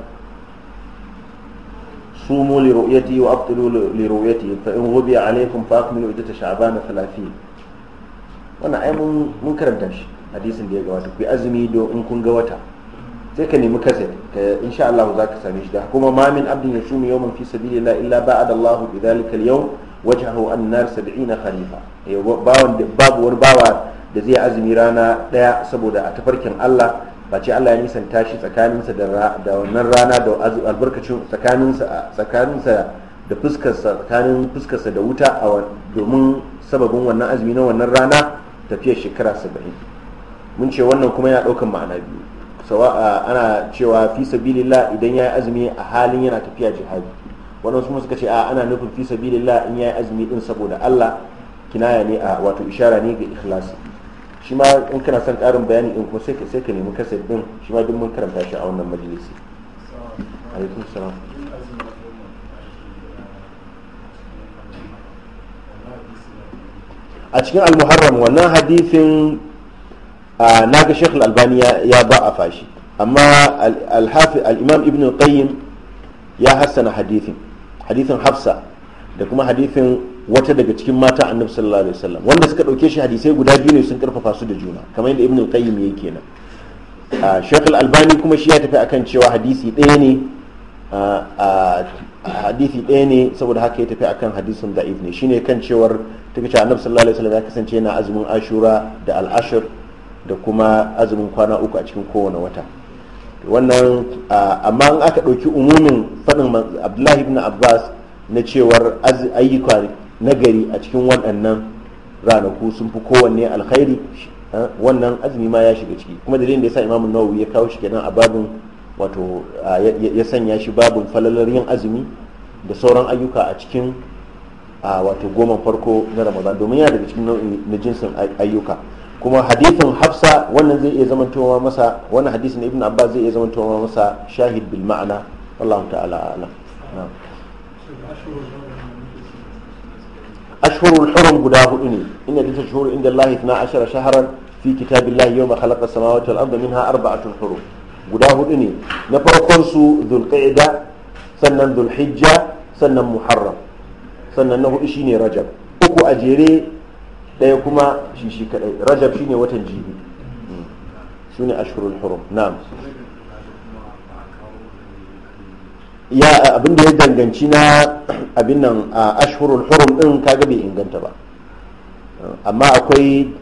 صوموا لرؤيتي وأبطلوا لرؤيتي فإن غبي عليكم فأكملوا عدة شعبان ثلاثين wannan ai mun mun karanta shi hadisin da ya gabata ku azumi do in kun ga wata sai ka nemi kaset ka insha Allah za ka same shi da kuma ma min abdin yashumu yawman fi sabilillah illa ba'ada Allah bi dhalika al-yawm wajhahu an-nar 70 khalifa da zai azumi rana daya saboda a tafarkin Allah ba ce Allah ya nisanta shi tsakaninsa da wannan rana da albarkacin tsakaninsa da fuskarsa tsakanin fuskarsa da wuta a domin sababin wannan azumi na wannan rana tafiyar shekara saba'in mun ce wannan kuma yana daukan ma'ana biyu sawa ana cewa fi sabilillah idan ya yi azumi a halin yana tafiya jihadi waɗansu kuma suka ce a ana nufin fi sabilillah in ya yi azumi din saboda Allah kinaya ne a wato ishara ne ga ikhlasi shi ma in kana son karin bayani in kuma sai ka nemi kasar din shi ma duk mun karanta shi a wannan majalisi a cikin almuharram wannan hadithin na ga shekul albani ya ba a fashi amma imam ibn qayyim ya hassana hadithin hadithin hafsa da kuma hadithin wata daga cikin mata annabi sallallahu alaihi wasallam wanda suka dauke shi hadisai guda biyu ne sun karfafa su da juna kamar yadda ibnu qayyim yake kenan a shekul albani kuma shi ya tafi akan cewa hadisi ɗaya ne hadisi ɗaya ne saboda haka ya tafi akan hadisin da ne shine kan cewar take cewa annabi sallallahu alaihi wasallam ya kasance yana azumin ashura da al'ashir da kuma azumin kwana uku a cikin kowane wata wannan amma in aka ɗauki umumin faɗin abdullahi ibn abbas na cewar ayyuka nagari a cikin waɗannan ranaku sun fi kowanne alkhairi wannan azumi ma ya shiga ciki kuma dalilin da sa imamu nawawi ya kawo shi kenan a babin wato ya sanya shi babin falalar yin azumi da sauran ayyuka a cikin wato goma farko na ramadan domin yana daga cikin nau'in na jinsin ayyuka kuma hadithin hafsa wannan zai iya zamantowa masa wannan hadisin ibn abbas zai iya zamantowa masa shahid bilma'ana ma'ana wallahu ta'ala a'lam ashhurul hurum guda hudu ne inna dinta shuhur inda Allah 12 shahran fi kitabillahi yawma khalaqa samawati wal arda minha arba'atun hurum guda hudu ne na farkon su dhulqa'da sannan dhulhijja sannan muharram sannan na hudu shine rajab uku a jere daya kuma shi kadai rajab shine watan jibi shine ya abin da ya danganci na abin nan a ashhurul hurum din kaga bai inganta ba amma akwai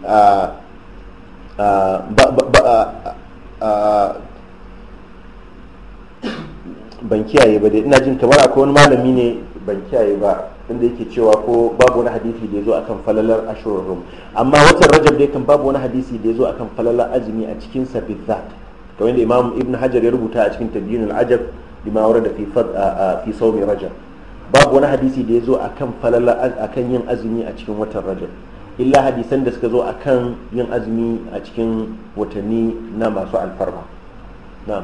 ban kiyaye ba dai ina jin kamar akwai wani malami ne ban kiyaye ba inda yake cewa ko babu wani hadisi da ya zo akan falalar ashirin hurum amma watan rajab dai kan babu wani hadisi da ya zo akan falalar azumi a cikin sa bizat kamar da imam ibn hajar ya rubuta a cikin tabiyyun al-ajab bima da fi fi mai raja babu wani hadisi da ya zo akan falala akan yin azumi a cikin watan rajab illa hadisan da suka zo kan yin azumi a cikin watanni na masu alfarma na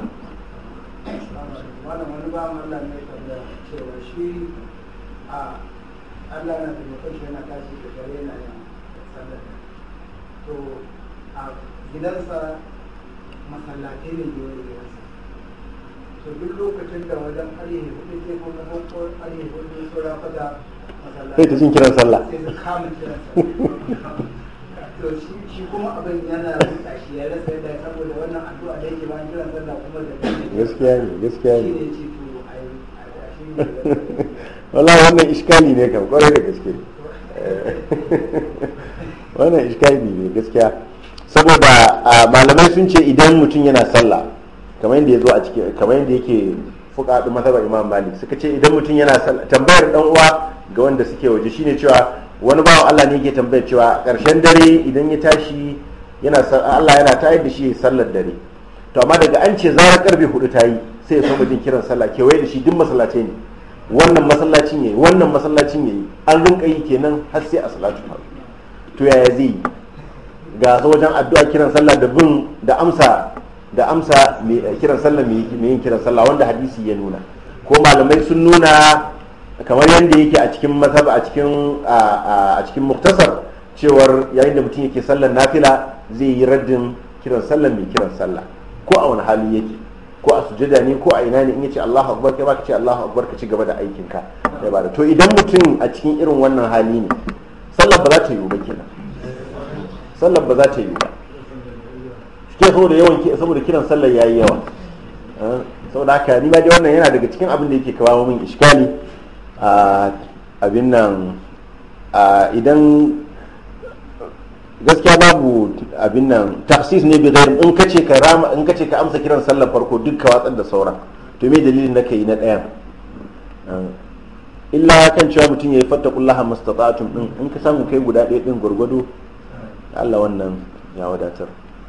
gidansa masallatai ne da to duk lokacin da wajen arihe kudi sai ko na ko arihe kudi ko rafa da sai ta jin kiran sallah sai ta kama kiran sallah to shi kuma abin yana rasa shi ya rasa yadda saboda wannan addu'a da yake bayan kiran sallah kuma da gaskiya ne gaskiya ne wala wannan iskali ne kam kwarai da gaske wannan iskali ne gaskiya saboda malamai sun ce idan mutum yana sallah kamar yadda ya zo a cikin kamar yadda yake fuqaɗu mazhabar imam malik suka ce idan mutum yana tambayar dan uwa ga wanda suke waje shine cewa wani bawan Allah ne yake tambayar cewa karshen dare idan ya tashi yana Allah yana tayar da shi sallar dare to amma daga an ce zarar karfe hudu ta yi sai ya soma jin kiran sallah kewaye da shi duk masallacin ne wannan masallacin yayi wannan masallacin yayi an rinka yi kenan har sai a salatu faru. to yaya zai ga wajen addu'a kiran sallah da bin da amsa da amsa eh, kiran sallah mai yin kiran sallah wanda hadisi ya nuna ko malamai sun nuna kamar yadda yake a cikin mazhab a cikin a cikin muktasar cewar yayin da mutum yake sallar nafila zai yi raddin kiran sallah mai kiran sallah ko a wani hali yake ko a sujada ne ko a ina ne in yace Allahu akbar kai baka ce Allahu akbar ka ci gaba da aikin ka da ba to idan mutum a cikin irin wannan hali ne sallar ba za ta yi ba kenan sallar ba za ta yi ba ke saboda yawan saboda kiran sallar yayi yawa eh, saboda haka ni ba dai wannan yana daga cikin abin da yake kawo min iskali a abin nan idan gaskiya babu abin nan taksis ne bi gairin in kace ka rama in kace ka amsa kiran sallar farko duk ka watsar da sauran to me dalilin da kai na ɗayan eh, illa kan cewa mutum ya yi masta mastata'atun din in ka samu kai guda ɗaya din gwargwado Allah wannan ya wadatar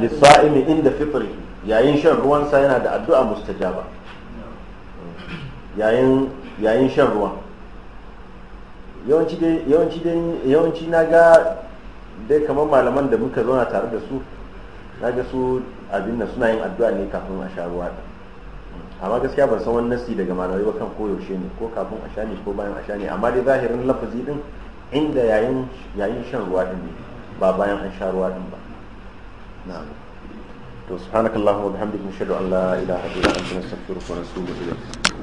lissa'imi inda fitri yayin shan ruwansa yana da addu'a mustajaba yayin yayin shan ruwa yawanci dai yawanci dai dai kamar malaman da muka zauna tare da su na ga su abin nan suna yin addu'a ne kafin a sha ruwa amma gaskiya ban san wani nasi daga malamai ba kan koyaushe ne ko kafin a sha ne ko bayan a sha ne amma dai zahirin lafazi din inda yayin yayin shan ruwa din ne ba bayan an sha ruwa din ba na'am to subhanakallahumma wa bihamdika nashhadu an la ilaha illa anta nastaghfiruka wa natubu